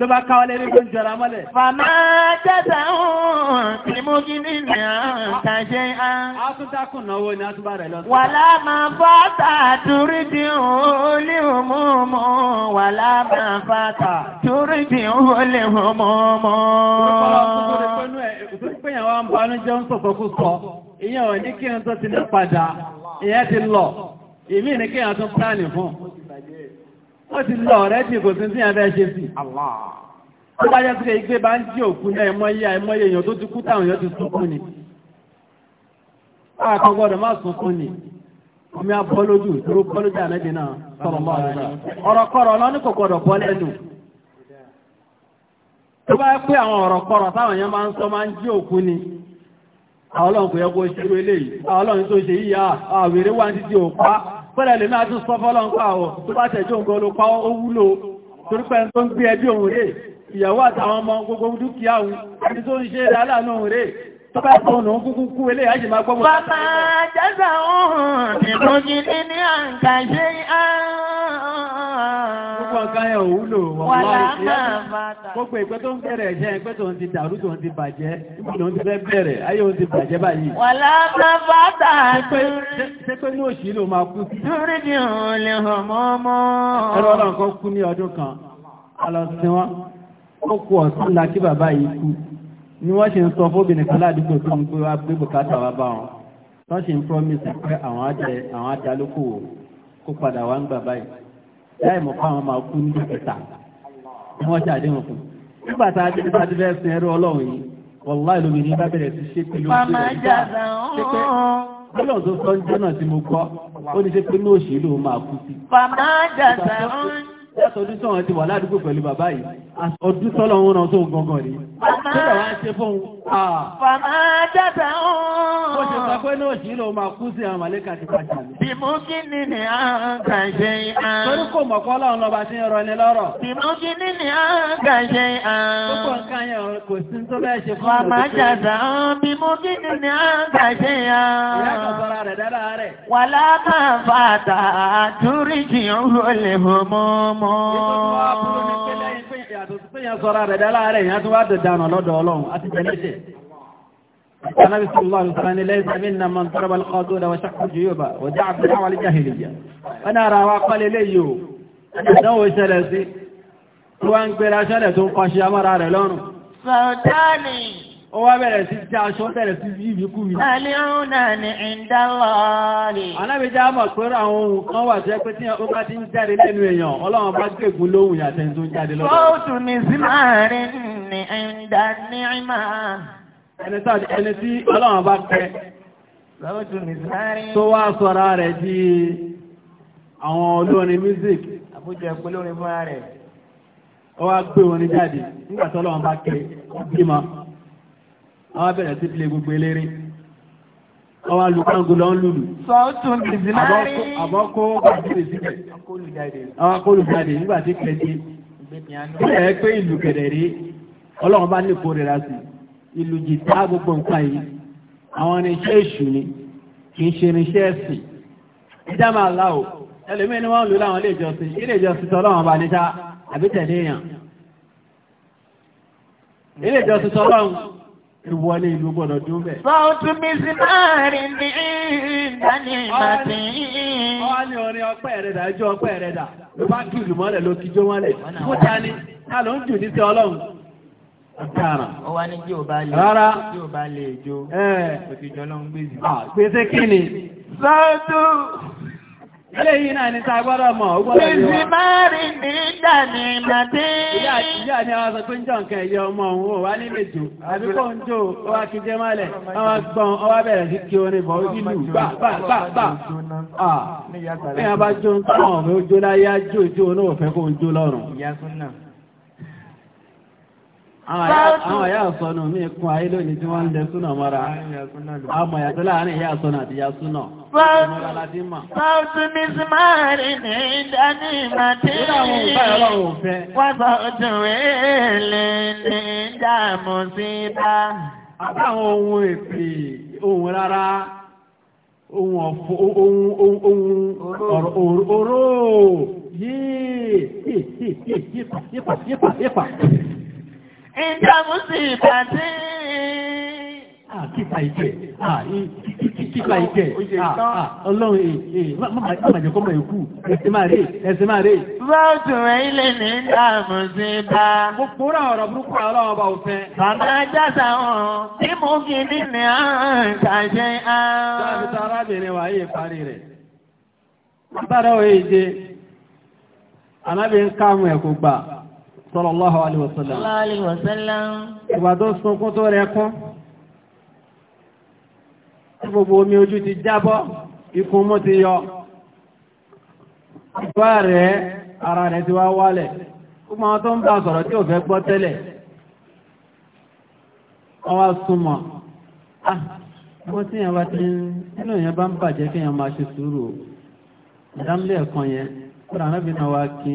ló bá káwọ́ lé nígbó jọra mọ́lẹ̀. Fàmá jẹ́ta ọ̀hún tí kí ní ní àǹkà á. A tún dákùn náwó ni a tún bá rẹ̀ lọ. Wàlá máa fàtà torí di òòlì òmùmù. Wàlá máa fàtà torí di òòlì òmùmù. Ìpínyàn wa ń banú jẹ́ ń sọ̀kọ́kú sọ. Ìyẹn ò ní kí n tó ti ní padà. Ìyẹn ti lọ. Ìmí ni kí n tún pílánì fún. wọ́n ti lọ ọ̀rẹ́ tí kò sí sí ẹ̀fẹ́ ṣe sí Allah ó bá jẹ́ síkẹ̀ ìgbé bá ń jí òkú ní ẹmọ́yé àìmọ́yé èèyàn tó ti kú táwọn èèyàn ti sunkún ni káàkan gbọ́dọ̀ má sunkún ni omi abọ́lójú ìṣòro bọ́lójú àmẹ́bí náà sọ̀rọ̀ mọ́ ọ̀rọ̀kọ̀rọ̀ lọ ní kò bọ́ lẹ́nu tó bá pé àwọn táwọn èèyàn máa ń sọ máa ń jí òkú ni àwọn ọlọ́run kò yẹ kó ṣe irú eléyìí àwọn ọlọ́run tó ṣe yíya àwèrè wá ń pẹ́lẹ̀ lè máa tún sọ fọ́lọ́nkọ́ àwọ̀ tó bá tẹ̀jọ́ nǹkan olópa ó wúlò torípẹ́ tó ń gbé ẹbí òun rẹ̀ ìyàwó àtàwọn ọmọ gbogbo dúkìá òun ẹni tó ń ṣe dáadáa náà rẹ̀ Tọ́pẹ́ ọ̀nà kúkú kú ilé ayé máa gbọ́mọ̀. Bàbá jẹ́sà ọ̀hún ìbòjì ní ní àǹkà ṣe ààrùn. Gbogbo ọ̀gá ẹ̀ òwúlò wọ̀n Gbogbo ìpẹ́ tó ń bẹ̀rẹ̀ jẹ́ ìpẹ́ tó ń ti dàrú tó ń ti bàjẹ́, ìpìlò ń ti fẹ́ bẹ̀rẹ̀, ayé ń ti bàjẹ́ báyìí. Wà látà bàtà ṣe. Ṣé pé ní òṣì ni wọ́n ṣe ń sọ fóbìnrin kan ládùúgbò tó ń gbé wá gbé bùkátà wá bá wọn tó ṣe ń promise pé àwọn àjẹ àwọn àdálókòwò kó padà wá ń gbà báyìí láì mọ̀ fáwọn máa kú ní ìpẹta ni wọ́n ṣe àdéhùn fún nígbà tá a ti bá ti fẹ́ sin ẹrú ọlọ́run yìí wọ́lá ìlúmi ní bá bẹ̀rẹ̀ sí ṣé pẹ̀lú ọlọ́run tó sọ ń jẹ́ náà tí mo gbọ́ ó ní That solution ti wà ládùúgbò pẹ̀lú bàbá yìí. Ọdún sọ́lọ́ wọn náà tó gangan rí. Kí lè wá ṣe fún un? Fàmá dáta ọ̀hún. kí ni ni à ń kà ṣe Torí kò mọ̀ kọ́ láwọn ọba ń rọ ni lọ́rọ̀. Bìmú kí ni ni à ń kà ṣe àn. Púpọ̀ nǹkan yẹn kò sí tó bẹ́ẹ̀ ṣe fún ìlú. Fàmá dáta kí ni ni à ń kà ṣe àn. Ìyá kan rẹ̀ dára rẹ̀. Wàlá máa fàtà àtúríjì ń wọlé homómó. Ìgbésí wa yàtọ̀ sí pé yẹn sọ́ra rẹ̀ dá láàárẹ̀ yẹn tó wá dẹ̀dánà lọ́dọ̀ ọlọ́run àti jẹ́lẹ́ṣẹ̀ النبي صلى الله عليه وسلم ليس منا من ضرب القادون وشق الجيوب ودعا بدعوى الجاهليه انا راى قال لي دو ثلاثه وان بلا ثلاثه قش امر على لونه فوتاني ó wá bẹ̀rẹ̀ sí tí aṣọ tẹ̀rẹ̀ sí sí ìbí kú mi. Àlíhúnà ni ìdálọ́ọ̀lì. Anábìjá mọ̀ pé àwọn ohun kan wà tẹ́ pé tí ó bá ti ń jáde lẹ́nu èèyàn, ọlọ́run tó wá sọ̀rọ̀ rẹ̀ di àwọn olórin music. Àbújá ẹ̀pẹ́ lórin fúnra rẹ̀. Ó wá gbé orin jáde nígbà tọ́lọ́run bá kẹ́ bímọ àwọn bẹ̀rẹ̀ sí ilé gbogbo eléré àwọn alùkángù lọ ń lùlù sọ́ọ̀tún bìbìlárí àbọ́kó gbàdúrà síbẹ̀ àwọn akólùjáde nígbà tí kẹjẹ ẹ pé ìlú kẹ̀dẹ̀ rí ọlọ́run bá ní ìkórira sí ni o ẹlòmíín ni wọ́n lù láwọn ilé ìjọsìn ilé ìjọsìn tọ́lọ́run bá níta àbí tẹ̀lé èèyàn ilé ìjọsìn tọ́lọ́run ìwọlé ìlú gbọ́dọ̀ dúró bẹ̀. Bọ́ọ̀ tún bí sí máàrin ní ìdáni ìbàdí. Wọ́n ní orin ọpẹ́ rẹ̀ dà, ẹjọ́ ọpẹ́ rẹ̀ dà. Ló bá kí ìlú mọ́lẹ̀ ló kíjó mọ́lẹ̀. Fúta ni, ta ló ń jù ní sí Ọlọ́run. Àkàrà. Ó wá ní jí ò bá lè rárá. Jí ò bá lè jó. Ẹ́ẹ̀. Òtìjọ́ ló Eléyìí náà ni tagbọ́dọ̀ mọ̀, ó gbọ́dọ̀ yíwa. Lèzì máa rí ní ìdàní màdé. Ìyá ni àwọn sọ pé ń jọ nǹkan ẹ̀yẹ ọmọ òun ò wá nílé jò. Àbí kò ń jò, ó wá kí jẹ́ mọ́lẹ̀, ó wá gbọ́n, ó wá bẹ̀rẹ̀ sí kí orin bọ̀ ojú lù bá bá bá bá. Ní ìyá bá jó ń tán, ó jó láyé á jó ìjó náà fẹ́ kó ń jó lọ́rùn. Ìyá àwọn ìyá àsọnù mí kún ayé lónìí tí wọ́n ń lẹ súnà mọ́ra àmọ̀ ìyàtọ̀ láàrin ìyá àsọnù àti ìyá súnà Fáwọ́tún ní Zimari ní ìdání ìmàtí. Wọ́n bá ọdún èlé ní ìdààmú sí bá. Àbáwọn ohun èpè ohun rárá, ohun ọ̀fọ́, ohun ọ̀rọ̀ òró, yìí, yìí, yìí, yìí, yìí, yìí, yìí, yìí, yìí, ìdámúsí ìbàdí. Kíkà ìjẹ́, kíkà ìjẹ́, ọlọ́run èè, má jẹ́ kọ́ mọ̀ ikú, ẹ̀sìn máa rè, ẹ̀sìn máa rè. Bọ́ọ̀dù ilé ní ìdààmú sí bá. Gbogbo ràn ọ̀rọ̀ burúkú ọlọ́run ọba òfin. Bàbá Jásà wọn, tí mò ń gidi ní àrùn ìtàjẹ́ àrùn. Jáde tí arábìnrin wa yé parí rẹ̀. Bàbá rẹ̀ ò yé je, ànábì ń ká àwọn ẹ̀kọ́ gbà. sọlọ́láhù aléwòsálàm ìgbà tó sunkún tó rẹkún tí gbogbo omi ojú ti jábọ́ ikun mú ti yọ ìgbà rẹ̀ ara rẹ̀ ti wá wálẹ̀ gbogbo àwọn tó ń bá sọ̀rọ̀ tí ò fẹ́ gbọ́ tẹ́lẹ̀ wọ́n wá ah, ti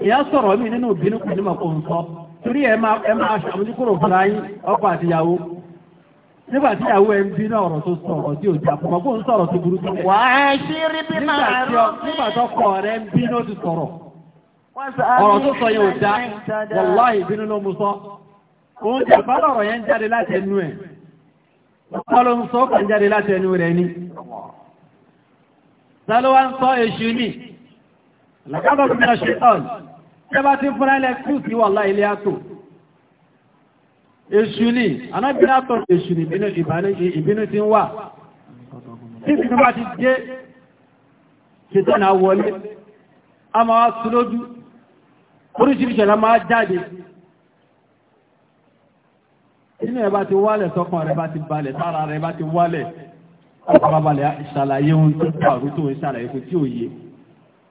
ìyá sọ̀rọ̀ mí nínú ìbínú kò ní mọ̀kò ń sọ torí ẹ máa ṣàmójúkúrò fún ayé ọkọ àtìyàwó nígbà tí ìyàwó ẹ ń bínú ọ̀rọ̀ tó sọ̀rọ̀ tí ò jà fún ọkọ ń sọ̀rọ̀ tó burú tó wà á ṣí rí bí máa ń ti sọ èṣù ní bí ṣe Tẹ́bá ti fúnra ilẹ̀ kúùsì wà láì ilé àtò. Èṣù ni, anábìnrin àtọ̀ èṣù ni ìbínú ti ń wà. Tí ìfìnú bá ti jẹ́ ṣètọ́nà wọlé, a máa sú lójú, oríṣiríṣi la máa jáde. Inú ẹ bá ti wálẹ̀ sọ́kàn rẹ bá ti balẹ̀, sára rẹ bá ti wálẹ̀, ọkọ̀ bá balẹ̀ ṣàlàyé ohun tó pàrú tó ń ṣàlàyé fún tí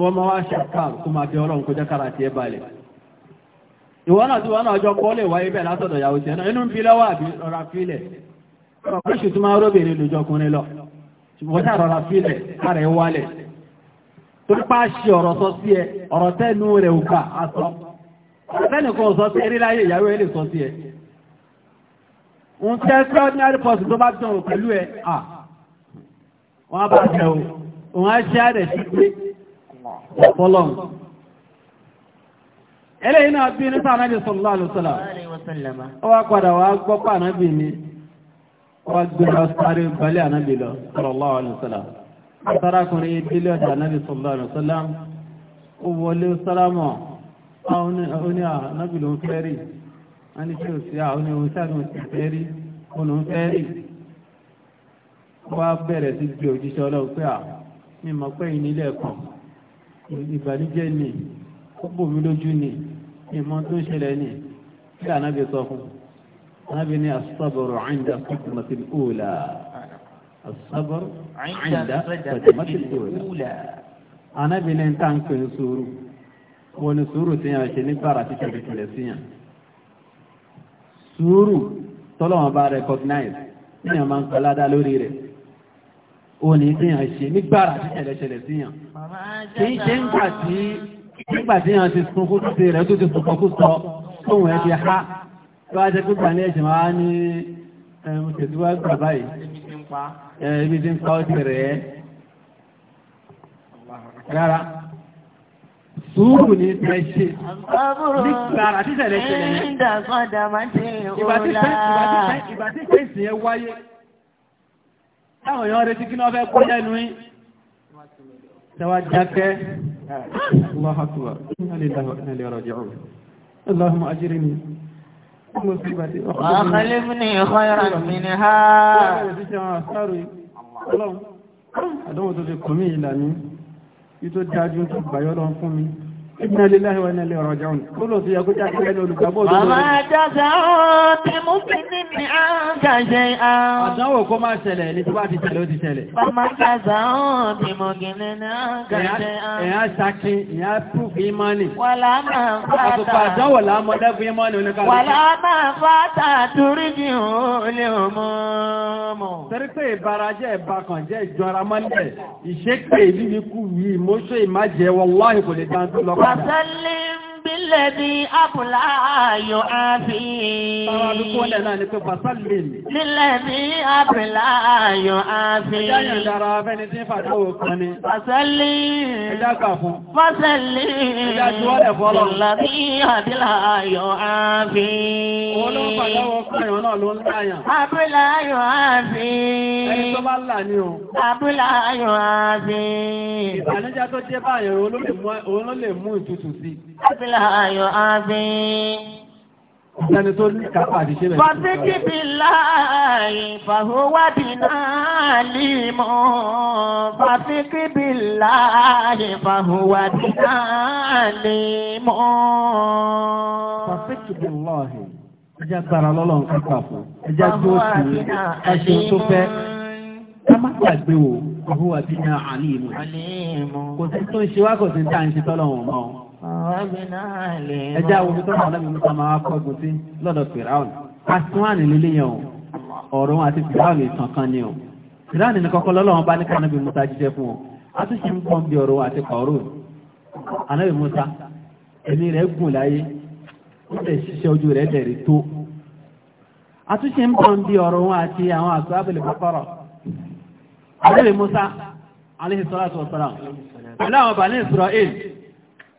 wọ́n máa wá ṣàkàr kó máa fi ọlọ́run kó jẹ́ kára ti ẹ balẹ̀ ìwọ́n náà tí wọ́n náà jọ kọ́ lè wáyé bẹ́ẹ̀ látọ̀dọ̀ ìyàwó tiẹ̀ náà inú ń fi lọ́wọ́ àbí rọra fílẹ̀ oṣù tó máa róbìnrin lójọkùnrin lọ ṣùgbọ́n ṣà rọra fílẹ̀ kára ẹ wálẹ̀ torí pa ṣe wọ́n bá jẹun òun á ṣe àrẹ̀ sí pé ọ̀pọ̀lọ́n ẹlẹ́ iná bí ní sáàmẹ́lì sallallahu alaihi wasallam ó wá padà wá gbọ́pá ànábì ní wá gbé lọ sáré balẹ̀ ànábì lọ sallallahu alaihi wasallam àtàràkùnrin ìdílé ọ̀dà ànábì sallallahu alaihi ó wọlé sálámọ̀ ah, ìbànújẹ́ ni ó bòmí lójú ni ìmọ̀ tó ṣẹlẹ̀ ni kí ànábì sọ fún ànábì ní asábọ̀rọ̀ àìndà fàtìmọ̀tì òòlà asábọ̀rọ̀ àìndà fàtìmọ̀tì òòlà ànábì ní ta ń pè ní sùúrù wọn ni sùúrù tí yàn ṣe ní bára ti ṣe ìpìlẹ̀ sí yàn sùúrù tọ́lọ́wọ́n bá recognize ní yàn máa ń kọ́ládá lórí rẹ̀ òun ní tíyàn ṣe nígbàrà tí ẹ̀lẹ́ṣẹ̀lẹ̀ síyàn kì í ṣe nígbà tí nígbà tí yàn ti sun kó ti rẹ̀ tó ti sun kọkú sọ tóun ẹ̀ ti há tó wá jẹ́ pé gbà ní ẹ̀ṣẹ̀ máa ní ẹ̀mú tẹ̀síwá gbà báyìí ẹ̀mí ti ń pa ó ti rẹ̀ ẹ́ rárá sùúrù ní táwọn èèyàn retí kí ní wọ́n fẹ́ kó lẹ́nu yín tẹwà jákẹ́ Allahumma ajirni wa khalifni khayran minha Ọlọ́run, àdánwò tó fi kùn mí ìlànà, yí tó dájú tó gbàyọ́ lọ fún mi, Inna lillahi wa inna ilayhi raji'un. Kó lò sí ẹkú jáde lẹ́nu olùgbàgbọ́ òdòdó. Màmá àjọsà ó ti mú sí ní ní àǹkàṣe àwọn. Àdánwò kó máa ṣẹlẹ̀ ní tí wá ti tẹ̀lé ó ti ṣẹlẹ̀. Màmá àjọsà ó ti mú sí ní ní àǹkàṣe àwọn. Ẹ̀yà ṣaki, ìyá púpù ìmánì. Wàlá máa ń fàtà. Àtùpà àdánwò láàmú lẹ́fún ìmánì oníkàlùkù. Wàlá máa ń وسلم bílẹ̀dì abùlá ayò àfi. Sára dúkú wọlé náà ni pé Fàṣálì. Bílẹ̀dì àfi. Ẹjá yẹn dára fẹ́ni àfi. Olóòfàdáwọ̀ àfi. Ẹni àfi. Ìbànújẹ́ tó jẹ́ báyìí, òun mú ìtútù sí. Abùlá láàyò ábí. Ìjẹni tó ní kápá àdìṣẹ́ rẹ̀. Fọ́sí ti bí láàyè fàhówádì náà límọ̀. Fọ́sí ti bí láàyè fàhówádì límọ̀. Fọ́sí ti bí láàyè. Ẹja gbára lọ́lọ́ nǹkan kà fún. Ẹja tó sì ẹṣin tó fẹ́. Ká má gbàgbé o, fàhówádì náà àlímọ̀. Kò sí tó ń ṣe wá kò sí ní tá ń ṣe tọ́lọ̀ wọn mọ́ ẹjá wo tó náà lẹ́mìí mọ́ta máa kọ́gùn sí lọ́dọ̀ fìráùn pàṣíwáàní lílé yẹn o ọ̀rọ̀ àti fìráùn ìtàn kan ni o fìráùn ní kọ́kọ́ lọ́lọ́wọ́n bá ní kánábì Musa jíjẹ fún ọ àtúnṣe ń pọ́n bí ọ̀rọ̀ àti kọ̀ọ̀rọ̀ ànábì Musa ẹ̀mí rẹ̀ gùn láyé ó lè ṣiṣẹ́ ojú rẹ̀ dẹ̀rí tó àtúnṣe ń pọ́n bí ọ̀rọ̀ wọn àti àwọn àtúwábìlì Israel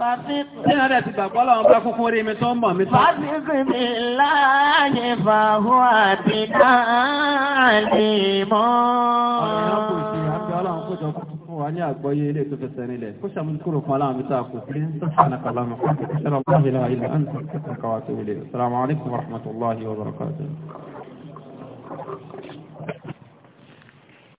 Ẹ̀yìn rẹ̀ ti gbàgbọ́ lọ́wọ́ bá kúkú rí mi tó mọ̀ mi tó. Fásitì mi láàyè fàáhù àti káàlì mọ́. Ọ̀rẹ́ ọkùnrin ṣe àbí ọlọ́run kó jọ ní àgbọ́yé ilé tó fẹsẹ̀ nílẹ̀. Kó ṣàmúlùkúrò fún aláàmì tó àkó sí Sọ́sánàkàlámù. Ṣé